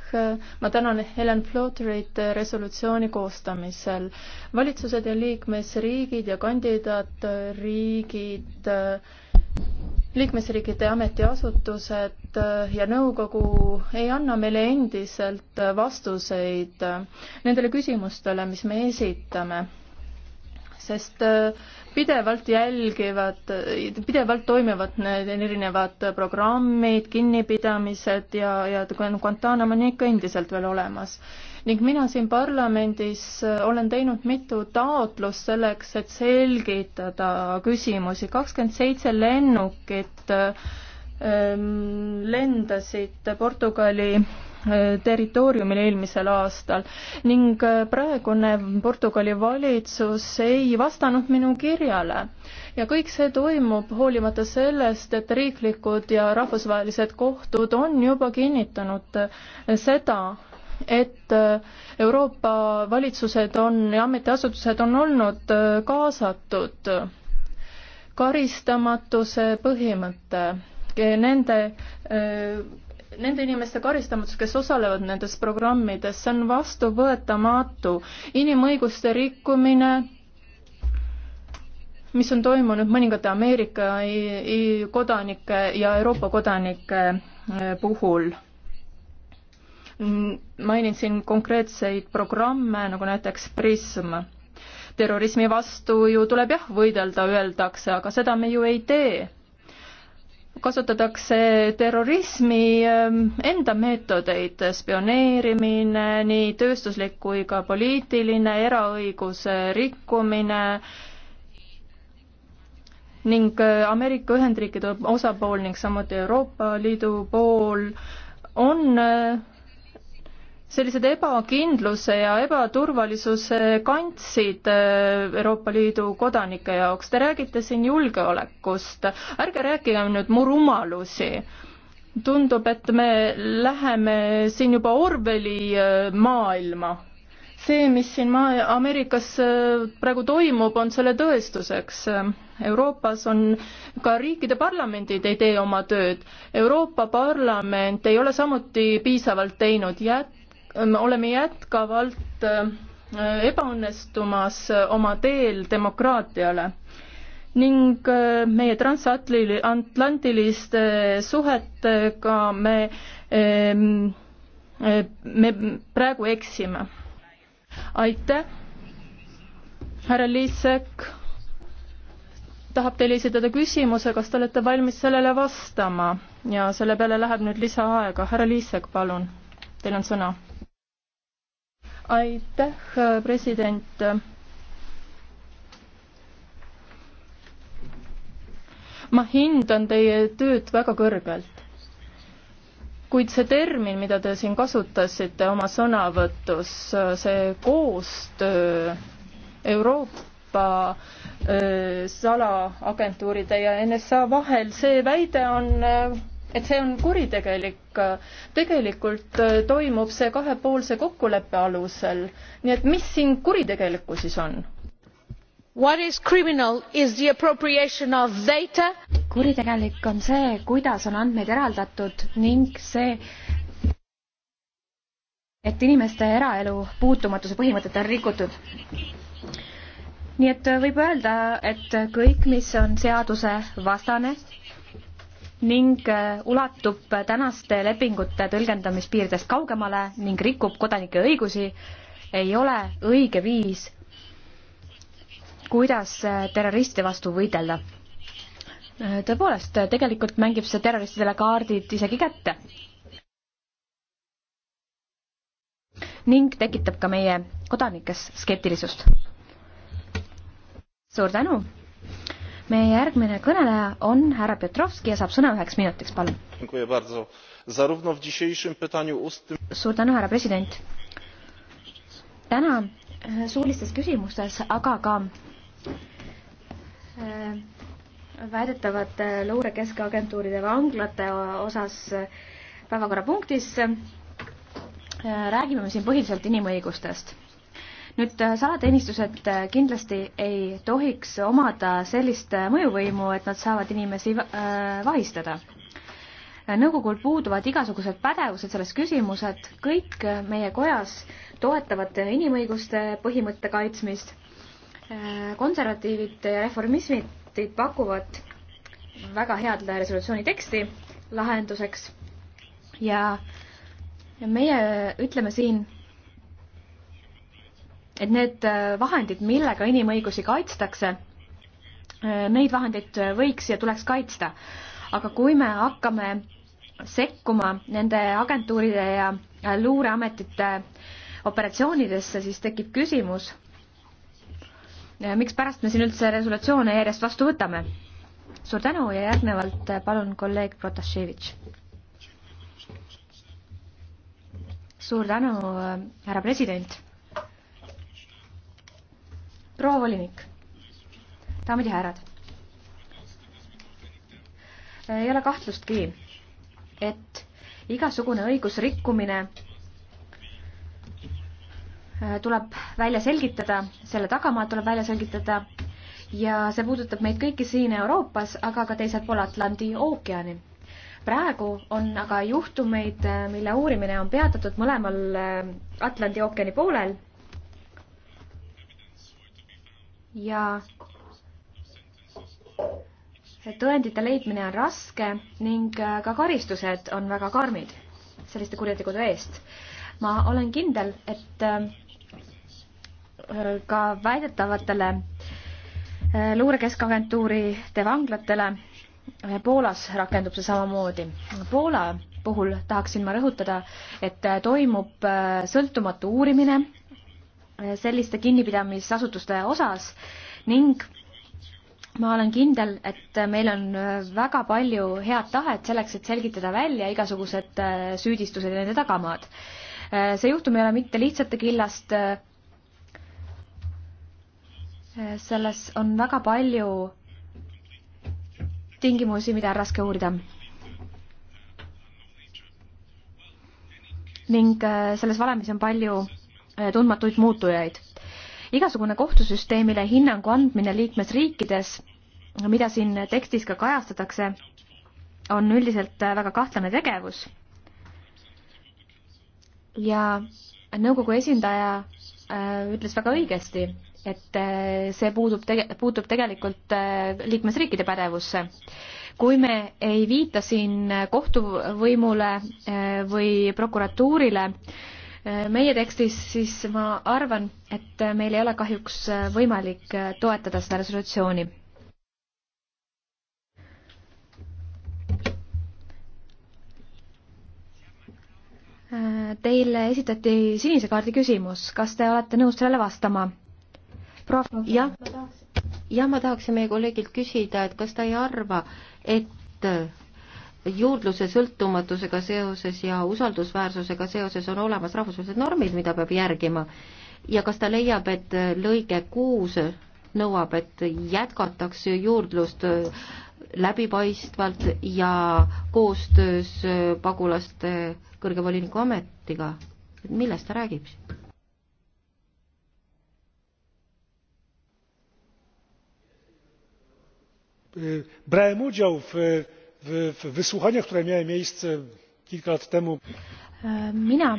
ma tänan Helen Flotterit resolutsiooni koostamisel. valitsused ja liikmesriigid ja kandidaatriigid liikmesriikide ametiasutused ja nõukogu ei anna meile endiselt vastuseid nendele küsimustele, mis me esitame, sest äh, pidevalt jälgivad, pidevalt toimivad need erinevad programmid, kinnipidamised ja, ja Guantanamo on ikka endiselt veel olemas. ning mina siin parlamendis olen teinud mitu taotlust selleks, et selgitada küsimusi. kakskümmend seitse lennukit ähm, lendasid Portugali Eh, territooriumil eelmisel aastal ning eh, praegune Portugali valitsus ei vastanud minu kirjale. ja kõik see toimub hoolimata sellest, et riiklikud ja rahvusvahelised kohtud on juba kinnitanud eh, seda, et Euroopa valitsused on ja ametiasutused on olnud kaasatud karistamatuse põhimõte nende nende inimeste karistamatus, kes osalevad nendes programmides, see on vastuvõetamatu. inimõiguste rikkumine, mis on toimunud mõningate Ameerika kodanike ja Euroopa kodanike äh, puhul. Mm, mainin siin konkreetseid programme, nagu näiteks Prism terrorismi vastu ju tuleb jah võidelda, öeldakse, aga seda me ju ei tee kasutatakse terrorismi ähm, enda meetodeid, spioneerimine, nii tööstuslik kui ka poliitiline, eraõiguse rikkumine ning äh, Ameerika Ühendriikide osapool ning samuti Euroopa Liidu pool on äh, sellised ebakindluse ja ebaturvalisuse kantsid äh, Euroopa Liidu kodanike jaoks. Te räägite siin julgeolekust, ärge rääkige nüüd mu rumalusi tundub, et me läheme siin juba Orwelli äh, maailma. see, mis siin maa, Ameerikas äh, praegu toimub, on selle tõestuseks. Euroopas on, ka riikide parlamendid ei tee oma tööd. Euroopa Parlament ei ole samuti piisavalt teinud, jät-, me äh, oleme jätkavalt äh, ebaõnnestumas äh, oma teel demokraatiale ning meie transatlantiliste suhetega me, ähm, me praegu eksime. aitäh, härra Liisek tahab teile esitada küsimuse, kas te olete valmis sellele vastama ja selle peale läheb nüüd lisaaega. härra Liisek, palun, teil on sõna aitäh, president. ma hindan teie tööd väga kõrgelt, kuid see termin, mida te siin kasutasite oma sõnavõtus, see koostöö Euroopa äh, salaagentuuride ja NSA vahel, see väide on äh, et see on kuritegelik. tegelikult äh, toimub see kahepoolse kokkuleppe alusel, nii et mis siin kuritegelikku siis on? What is criminal is the appropriation of data. kuritegelik on see, kuidas on andmeid eraldatud ning see, et inimeste eraelu puutumatuse põhimõtet on rikutud nii et äh, võib öelda, et kõik, mis on seaduse vastane, ning äh, ulatub tänaste lepingute tõlgendamispiiridest kaugemale ning rikub kodanike õigusi, ei ole õige viis, kuidas äh, terroristide vastu võidelda. Äh, tõepoolest, tegelikult mängib see terroristidele kaardid isegi kätte. ning tekitab ka meie kodanikes skeptilisust. suur tänu meie järgmine kõneleja on härra Petrovski ja saab sõna üheks minutiks, palun. suur tänu, härra president. täna äh, suulistes küsimustes, aga ka äh, väidetavate luurekeskagentuuride vanglate osas äh, päevakorrapunktis räägime me siin põhiliselt inimõigustest nüüd äh, salateenistused äh, kindlasti ei tohiks omada sellist äh, mõjuvõimu, et nad saavad inimesi vahistada. nõukogul puuduvad igasugused pädevused selles küsimused, kõik meie kojas toetavad inimõiguste põhimõtte kaitsmist. konservatiivid ja reformismid pakuvad väga head resolutsiooni teksti lahenduseks ja meie ütleme siin et need äh, vahendid, millega inimõigusi kaitstakse, äh, neid vahendeid äh, võiks ja tuleks kaitsta. aga kui me hakkame sekkuma nende agentuuride ja luureametite operatsioonidesse, siis tekib küsimus, mikspärast me siin üldse resolutsioone järjest vastu võtame. suur tänu ja järgnevalt palun kolleeg Protasevitš. suur tänu, härra president proua volinik, daamid ja härrad. ei ole kahtlustki, et igasugune õigusrikkumine tuleb välja selgitada, selle tagamaad tuleb välja selgitada ja see puudutab meid kõiki siin Euroopas, aga ka teisel pool Atlandi ookeani. praegu on aga juhtumeid, mille uurimine on peatatud mõlemal eh, Atlandi ookeani poolel ja tõendite leidmine on raske ning äh, ka karistused on väga karmid selliste kuritegude eest. ma olen kindel, et äh, äh, ka väidetavatele luurekeskagentuuride vanglatele Poolas rakendub see samamoodi. Poola puhul tahaksin ma rõhutada, et toimub sõltumatu uurimine Äh, selliste kinnipidamisasutuste osas ning ma olen kindel, et meil on äh, väga palju head tahet selleks, et selgitada välja igasugused äh, süüdistused ja nende tagamaad. see juhtum ei ole mitte lihtsate killast. selles on väga palju tingimusi, mida on raske uurida. ning selles valemis on palju Äh, tundmatuid muutujaid. igasugune kohtusüsteemile hinnangu andmine liikmesriikides, mida siin tekstis ka kajastatakse, on üldiselt äh, väga kahtlane tegevus. ja nõukogu esindaja äh, ütles väga õigesti, et see puudub tege,, puutub tegelikult liikmesriikide pädevusse. kui me ei viita siin kohtuvõimule või prokuratuurile, meie tekstis, siis ma arvan, et meil ei ole kahjuks võimalik toetada seda resolutsiooni. Teile esitati sinise kaardi küsimus, kas te olete nõus sellele vastama? jah, jah, ma tahaksin meie kolleegilt küsida, et kas ta ei arva, et juurdluse sõltumatusega seoses ja usaldusväärsusega seoses on olemas rahvusvahelised normid, mida peab järgima ja kas ta leiab, et lõige kuus nõuab, et jätkatakse juurdlust läbipaistvalt ja koostöös pagulaste kõrge voliniku ametiga, millest ta räägib? brałem udział w w wysłuchaniach które miały miejsce kilka lat temu mina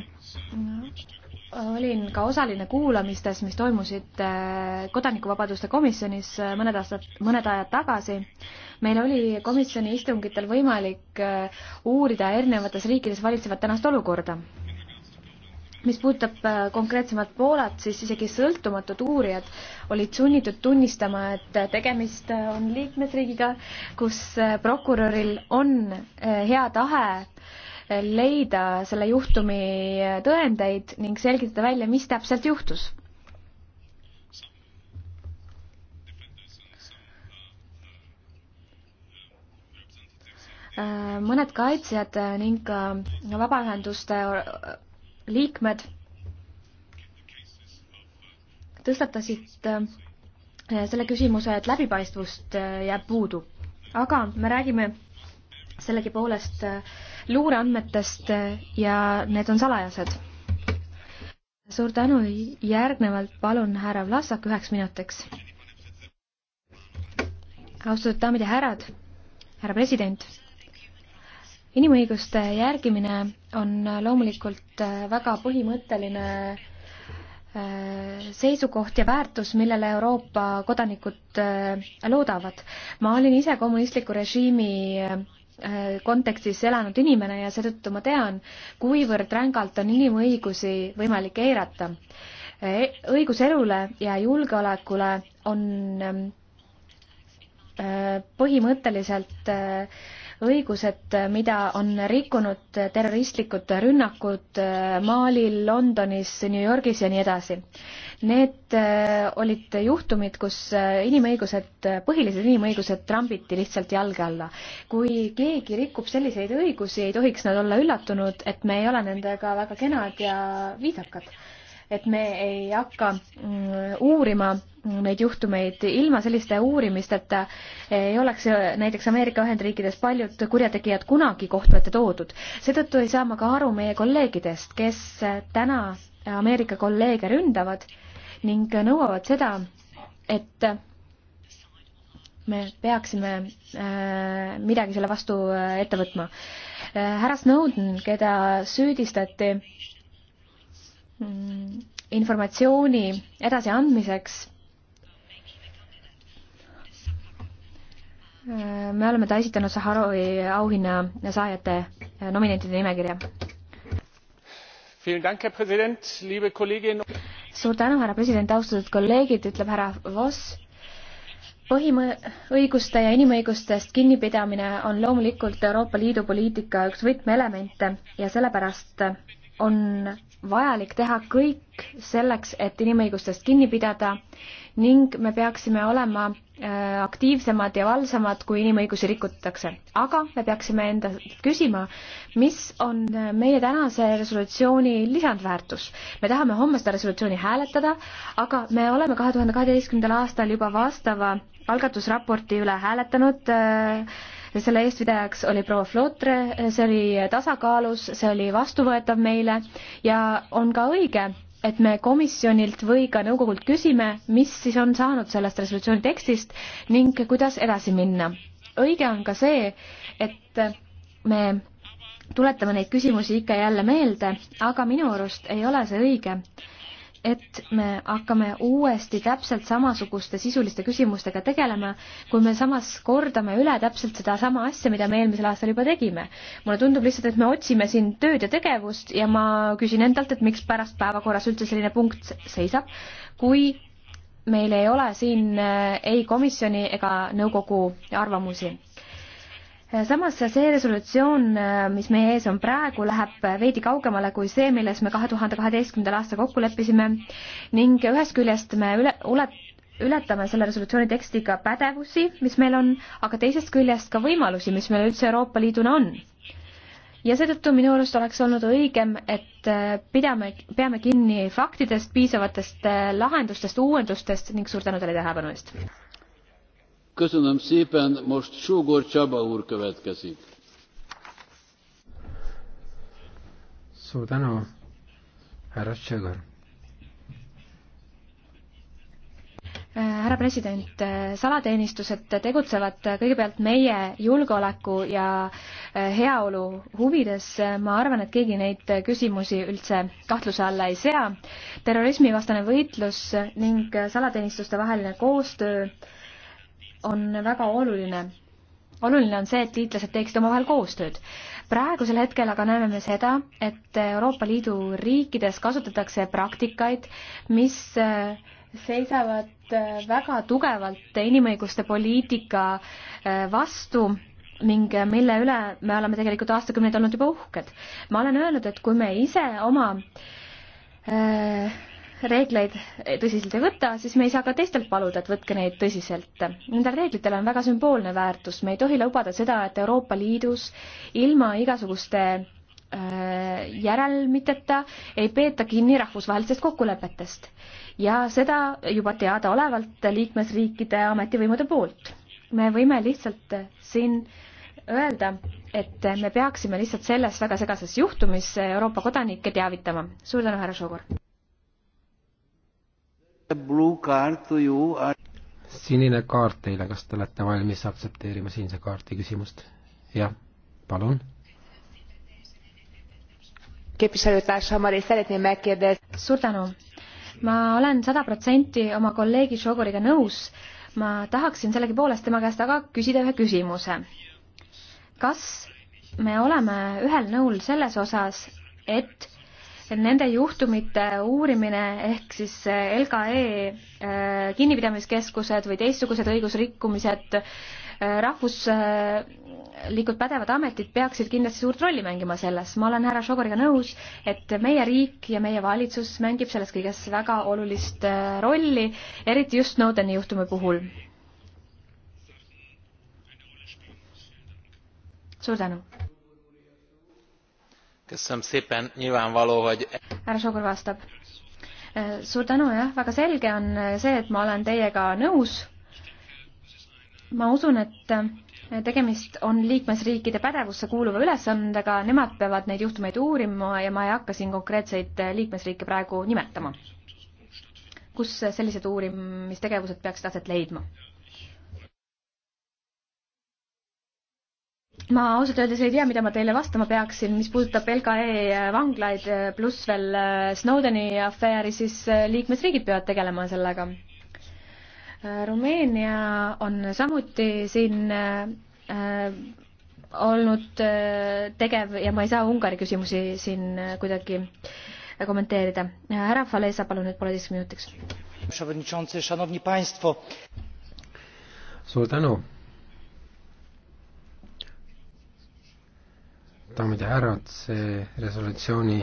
e, olin ka osaline kuulamistes, mis toimusid e, kodanikuvabaduste komisjonis e, mõned aastad, mõned ajad tagasi. meil oli komisjoni istungitel võimalik uurida erinevates riikides valitsevat tänast olukorda mis puudutab äh, konkreetsemalt Poolat, siis isegi sõltumatud uurijad olid sunnitud tunnistama, et äh, tegemist äh, on liikmesriigiga, kus prokuröril on hea tahe leida selle juhtumi tõendeid ning selgitada välja, mis täpselt juhtus. mõned kaitsjad ning ka vabaühenduste liikmed tõstatasid äh, selle küsimuse, et läbipaistvust äh, jääb puudu, aga me räägime sellegipoolest äh, luureandmetest ja need on salajased. suur tänu, järgnevalt palun härra Vlasak üheks minutiks. austatud daamid ja härrad, härra president inimõiguste järgimine on loomulikult äh, väga põhimõtteline äh, seisukoht ja väärtus, millele Euroopa kodanikud äh, loodavad. ma olin ise kommunistliku režiimi kontekstis elanud inimene ja seetõttu ma tean, kuivõrd rängalt on inimõigusi võimalik eirata. õigus elule ja julgeolekule on põhimõtteliselt äh, õigused, mida on rikkunud terroristlikud rünnakud äh, Malil, Londonis, New Yorgis ja nii edasi. Need äh, olid juhtumid, kus äh, inimõigused, põhilised inimõigused trambiti lihtsalt jalge alla. kui keegi rikub selliseid õigusi, ei tohiks nad olla üllatunud, et me ei ole nendega väga kenad ja viisakad et me ei hakka mm, uurima neid juhtumeid ilma selliste uurimisteta ei oleks näiteks Ameerika Ühendriikides paljud kurjategijad kunagi kohtu ette toodud. seetõttu ei saa ma ka aru meie kolleegidest, kes täna Ameerika kolleege ründavad ning nõuavad seda, et me peaksime äh, midagi selle vastu äh, ette võtma. Äh, härra Snowden, keda süüdistati Mm. informatsiooni edasiandmiseks. Äh, me oleme ta esitanud Saharovi auhinna saajate äh, nominentide nimekirja. suur tänu, härra president, austatud kolleegid, ütleb härra Voss põhimõ-, õiguste ja inimõigustest kinnipidamine on loomulikult Euroopa Liidu poliitika üks võtmeelemente ja sellepärast on vajalik teha kõik selleks, et inimõigustest kinni pidada ning me peaksime olema äh, aktiivsemad ja valvsamad, kui inimõigusi rikutakse. aga me peaksime enda küsima, mis on äh, meie tänase resolutsiooni lisandväärtus. me tahame homme seda resolutsiooni hääletada, aga me oleme kahe tuhande kaheteistkümnendal aastal juba vastava algatusraporti üle hääletanud äh, selle eestvedajaks oli proua Flotre, see oli tasakaalus, see oli vastuvõetav meile ja on ka õige, et me komisjonilt või ka nõukogult küsime, mis siis on saanud sellest resolutsiooni tekstist ning kuidas edasi minna. õige on ka see, et me tuletame neid küsimusi ikka ja jälle meelde, aga minu arust ei ole see õige, et me hakkame uuesti täpselt samasuguste sisuliste küsimustega tegelema, kui me samas kordame üle täpselt sedasama asja, mida me eelmisel aastal juba tegime. mulle tundub lihtsalt, et me otsime siin tööd ja tegevust ja ma küsin endalt, et mikspärast päevakorras üldse selline punkt seisab, kui meil ei ole siin eh, ei komisjoni ega nõukogu arvamusi samas see resolutsioon, äh, mis meie ees on praegu, läheb veidi kaugemale kui see, milles me kahe tuhande kaheteistkümnendal aastal kokku leppisime ning ühest küljest me üle, ule, ületame selle resolutsiooni tekstiga pädevusi, mis meil on, aga teisest küljest ka võimalusi, mis meil üldse Euroopa Liiduna on. ja seetõttu minu arust oleks olnud õigem, et äh, pidame, peame kinni faktidest, piisavatest äh, lahendustest, uuendustest ning suur tänu teile tähelepanu eest! Köszönöm szépen, most Sógor Csaba úr következik. suur tänu, härra Tšegor. härra president, salateenistused tegutsevad kõigepealt meie julgeoleku ja eh, heaolu huvides. ma arvan, et keegi neid küsimusi üldse kahtluse alla ei sea. terrorismivastane võitlus ning salateenistuste vaheline koostöö äh, on väga oluline. oluline on see, et liitlased teeksid omavahel koostööd. praegusel hetkel aga näeme me seda, et Euroopa Liidu riikides kasutatakse praktikaid, mis eh, seisavad eh, väga tugevalt inimõiguste poliitika eh, vastu ning mille üle me oleme tegelikult aastakümneid olnud juba uhked. ma olen öelnud, et kui me ise oma äh, reegleid tõsiselt ei võta, siis me ei saa ka teistelt paluda, et võtke neid tõsiselt. Nendel reeglitel on väga sümboolne väärtus, me ei tohi lubada seda, et Euroopa Liidus ilma igasuguste äh, järelmiteta ei peeta kinni rahvusvahelistest kokkulepetest ja seda juba teadaolevalt liikmesriikide ametivõimude poolt. me võime lihtsalt siin öelda, et me peaksime lihtsalt selles väga segases juhtumis Euroopa kodanikke teavitama. suur tänu, härra Šogor! sinine kaart teile, kas te olete valmis aktsepteerima siinse kaarti küsimust? jah, palun. suur tänu. ma olen sada protsenti oma kolleegi Šogoriga nõus. ma tahaksin sellegipoolest tema käest aga küsida ühe küsimuse. kas me oleme ühel nõul selles osas, et nende juhtumite uurimine ehk siis LKE äh, kinnipidamiskeskused või teistsugused õigusrikkumised, äh, rahvuslikud pädevad ametid peaksid kindlasti suurt rolli mängima selles. ma olen härra Šogoriga nõus, et meie riik ja meie valitsus mängib selles kõiges väga olulist äh, rolli, eriti just Snowdeni juhtumi puhul. suur tänu! härra Šogor vastab. suur tänu, jah, väga selge on see, et ma olen teiega nõus. ma usun, et tegemist on liikmesriikide pädevusse kuuluva ülesandega, nemad peavad neid juhtumeid uurima ja ma ei hakka siin konkreetseid liikmesriike praegu nimetama, kus sellised uurimistegevused peaksid aset leidma ma ausalt öeldes ei tea, mida ma teile vastama peaksin, mis puudutab LKE vanglaid pluss veel äh, Snowdeni afääri, siis äh, liikmesriigid peavad tegelema sellega. Äh, Rumeenia on samuti siin olnud tegev ja ma ei saa Ungari küsimusi siin kuidagi kommenteerida. härra Falesa, palun nüüd pooleteiseks minutiks. suur tänu daamid ja härrad, see resolutsiooni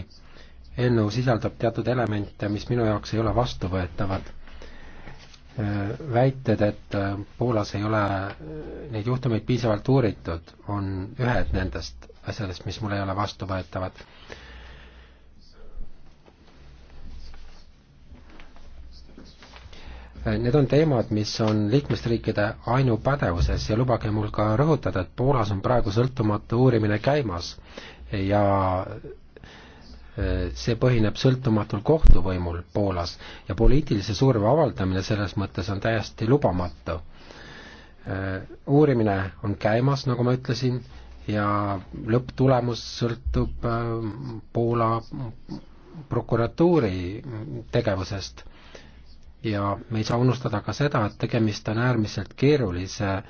eelnõu sisaldab teatud elemente, mis minu jaoks ei ole vastuvõetavad. Väited, et Poolas ei ole neid juhtumeid piisavalt uuritud, on ühed nendest asjadest, mis mulle ei ole vastuvõetavad Äh, need on teemad, mis on liikmesriikide ainupädevuses ja lubage mul ka rõhutada, et Poolas on praegu sõltumatu uurimine käimas ja äh, see põhineb sõltumatul kohtuvõimul Poolas ja poliitilise surve avaldamine selles mõttes on täiesti lubamatu. Äh, uurimine on käimas, nagu ma ütlesin, ja lõpptulemus sõltub Poola prokuratuuri tegevusest ja me ei saa unustada ka seda, et tegemist on äärmiselt keerulise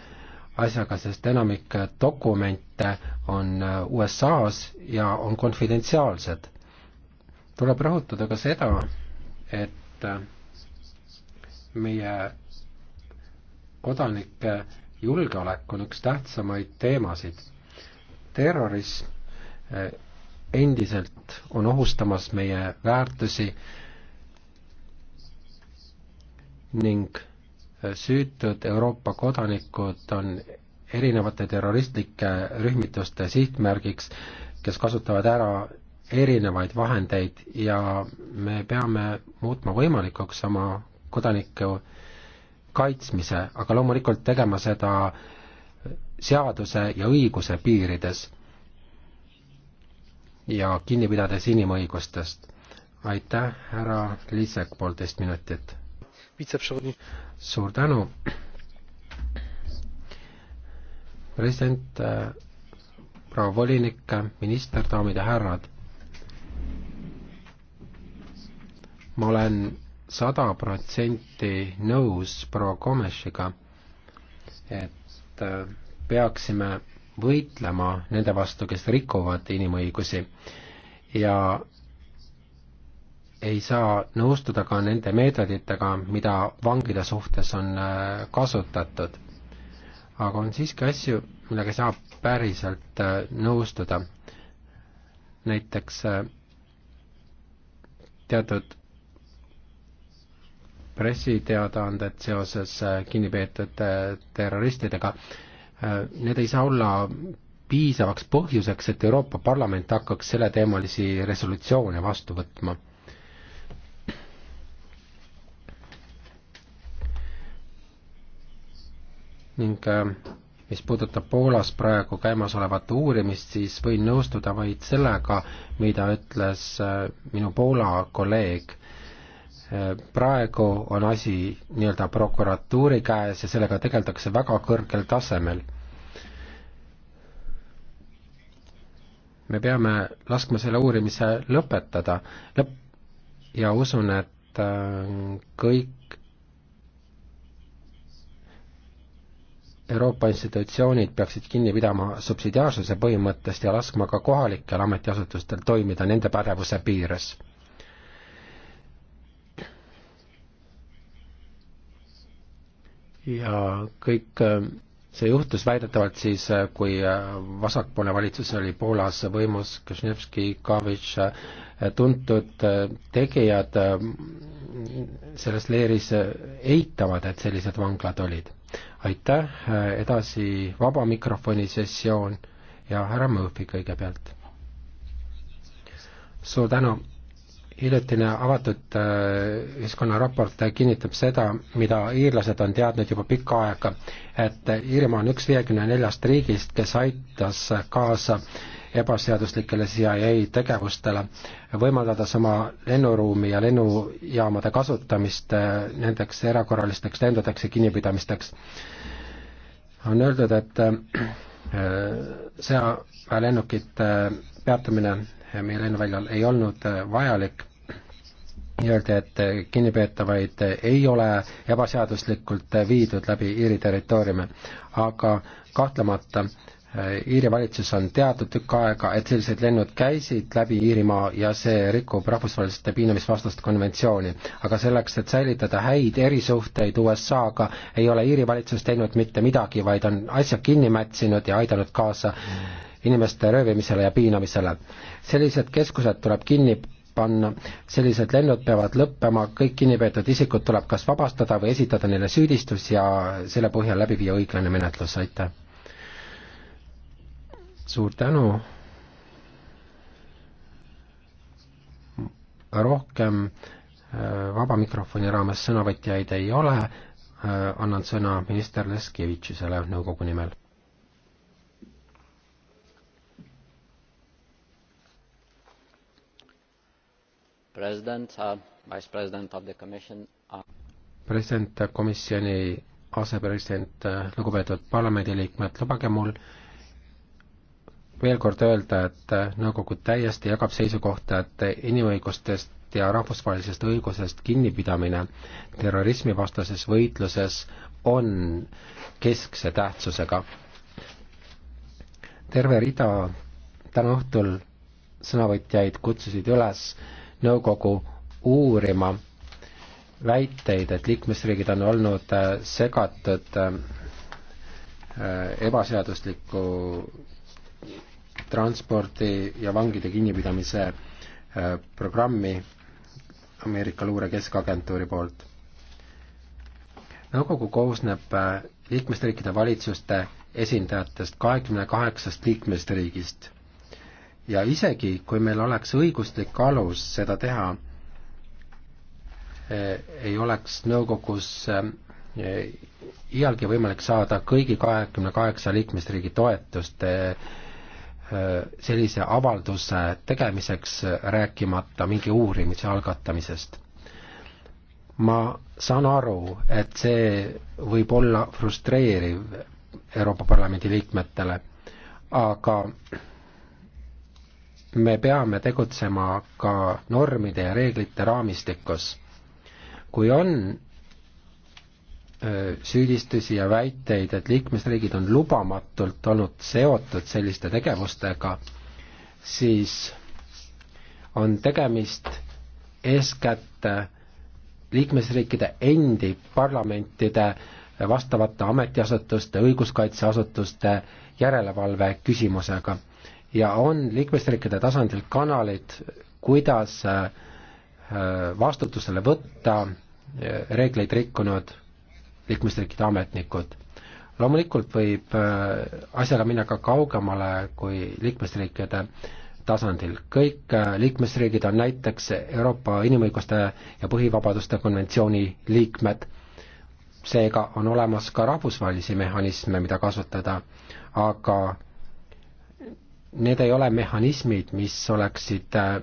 asjaga, sest enamik dokumente on USA-s ja on konfidentsiaalsed. tuleb rõhutada ka seda, et meie kodanike julgeolek on üks tähtsamaid teemasid. terrorism eh, endiselt on ohustamas meie väärtusi ning äh, süütud Euroopa kodanikud on erinevate terroristlike rühmituste sihtmärgiks, kes kasutavad ära erinevaid vahendeid ja me peame muutma võimalikuks oma kodaniku kaitsmise, aga loomulikult tegema seda seaduse ja õiguse piirides ja kinni pidades inimõigustest. aitäh, härra Liisek, poolteist minutit vitsepsevõtmine. suur tänu. president, äh, proua volinik, äh, minister, daamid ja härrad. ma olen sada protsenti nõus proua Komešiga, et äh, peaksime võitlema nende vastu, kes rikuvad inimõigusi ja ei saa nõustuda ka nende meetoditega, mida vangide suhtes on äh, kasutatud. aga on siiski asju, millega saab päriselt äh, nõustuda. näiteks äh, teatud pressiteadaanded seoses kinnipeetud terroristidega, need ei saa olla piisavaks põhjuseks, et Euroopa Parlament hakkaks selleteemalisi resolutsioone vastu võtma ning äh, mis puudutab Poolas praegu käimasolevat uurimist, siis võin nõustuda vaid sellega, mida ütles äh, minu Poola kolleeg. Äh, praegu on asi nii-öelda prokuratuuri käes ja sellega tegeldakse väga kõrgel tasemel. me peame laskma selle uurimise lõpetada, lõpp, ja usun, et kõik Euroopa institutsioonid peaksid kinni pidama subsidiaarsuse põhimõttest ja laskma ka kohalikel ametiasutustel toimida nende pädevuse piires. ja kõik äh, see juhtus väidetavalt siis, äh, kui äh, vasakpoolne valitsus oli Poolas võimus, Kaczynski, Kavitš, äh, tuntud tegijad selles leeris eitavad, et sellised vanglad olid. aitäh, edasi vaba mikrofoni sessioon ja härra Murphy kõigepealt. suur tänu hiljutine avatud äh, ühiskonnaraport äh, kinnitab seda, mida iirlased on teadnud juba pikka aega, et Iirimaa on üks viiekümne neljast riigist, kes aitas kaasa ebaseaduslikele CIA tegevustele, võimaldades oma lennuruumi ja lennujaamade kasutamist äh, nendeks erakorralisteks lendudeks ja kinnipidamisteks. on öeldud, et sõjaväelennukite peatamine meie lennuväljal ei olnud vajalik Öeldi, et äh, kinnipeetavaid äh, ei ole ebaseaduslikult äh, viidud läbi Iiri territooriumi, aga kahtlemata Iiri valitsus on teatud tükk aega, et sellised lennud käisid läbi Iirimaa ja see rikub rahvusvahelist piinamisvastast konventsiooni. aga selleks, et säilitada häid erisuhteid USA-ga, ei ole Iiri valitsus teinud mitte midagi, vaid on asja kinni mätsinud ja aidanud kaasa inimeste röövimisele ja piinamisele. sellised keskused tuleb kinni panna. sellised lennud peavad lõppema, kõik kinnipeetud isikud tuleb kas vabastada või esitada neile süüdistus ja selle põhjal läbi viia õiglane menetlus, aitäh. suur tänu. rohkem äh, vaba mikrofoni raames sõnavõtjaid ei ole, äh, annan sõna minister Leskevitšisele nõukogu nimel president uh,, vice president of the commission uh.... president, komisjoni asepresident, lugupeetud parlamendiliikmed, lubage mul veel kord öelda, et nõukogu täiesti jagab seisukohta, et inimõigustest ja rahvusvahelisest õigusest kinnipidamine terrorismivastases võitluses on keskse tähtsusega. terve rida täna õhtul sõnavõtjaid kutsusid üles nõukogu uurima väiteid, et liikmesriigid on olnud äh, segatud äh, äh, ebaseadusliku transpordi ja vangide kinnipidamise programmi Ameerika Luure Keskagentuuri poolt. nõukogu koosneb liikmesriikide valitsuste esindajatest kahekümne kaheksast liikmesriigist ja isegi, kui meil oleks õiguslik alus seda teha, eh, ei oleks nõukogus eh, iialgi võimalik saada kõigi kahekümne kaheksa liikmesriigi toetust eh, sellise avalduse tegemiseks, rääkimata mingi uurimise algatamisest. ma saan aru, et see võib olla frustreeriv Euroopa Parlamendi liikmetele, aga me peame tegutsema ka normide ja reeglite raamistikus. kui on süüdistusi ja väiteid, et liikmesriigid on lubamatult olnud seotud selliste tegevustega, siis on tegemist eeskätt liikmesriikide endi parlamentide vastavate ametiasutuste, õiguskaitseasutuste järelevalve küsimusega ja on liikmesriikide tasandil kanalid, kuidas äh, vastutusele võtta äh, reegleid rikkunud liikmesriikide ametnikud. loomulikult võib äh, asjale minna ka kaugemale kui liikmesriikide tasandil. kõik liikmesriigid on näiteks Euroopa Inimõiguste ja Põhivabaduste konventsiooni liikmed, seega on olemas ka rahvusvahelisi mehhanisme, mida kasutada, aga need ei ole mehhanismid, mis oleksid äh,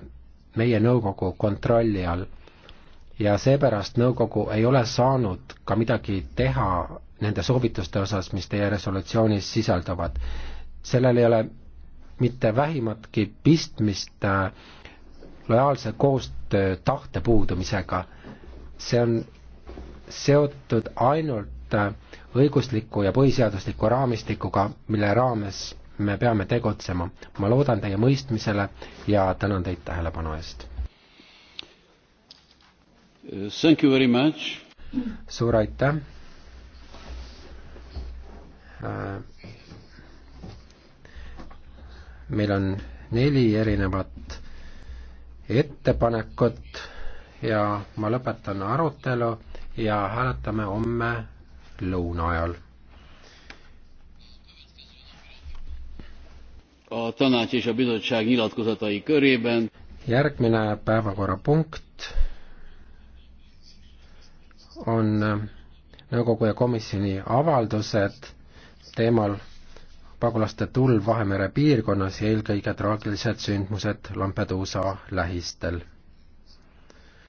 meie nõukogu kontrolli all. ja seepärast nõukogu ei ole saanud ka midagi teha nende soovituste osas, mis teie resolutsioonis sisalduvad. sellel ei ole mitte vähimatki pistmist äh, lojaalse koostöö tahte puudumisega. see on seotud ainult äh, õigusliku ja põhiseadusliku raamistikuga, mille raames me peame tegutsema. ma loodan teie mõistmisele ja tänan teid tähelepanu eest. Thank you very much. suur aitäh. meil on neli erinevat ettepanekut ja ma lõpetan arutelu ja hääletame homme lõuna ajal a tanács és a bizottság nyilatkozatai körében. Järgmine päevakorrapunkt on nõukogu ja komisjoni avaldused teemal pagulaste tulv Vahemere piirkonnas ja eelkõige traagilised sündmused Lampeduusa lähistel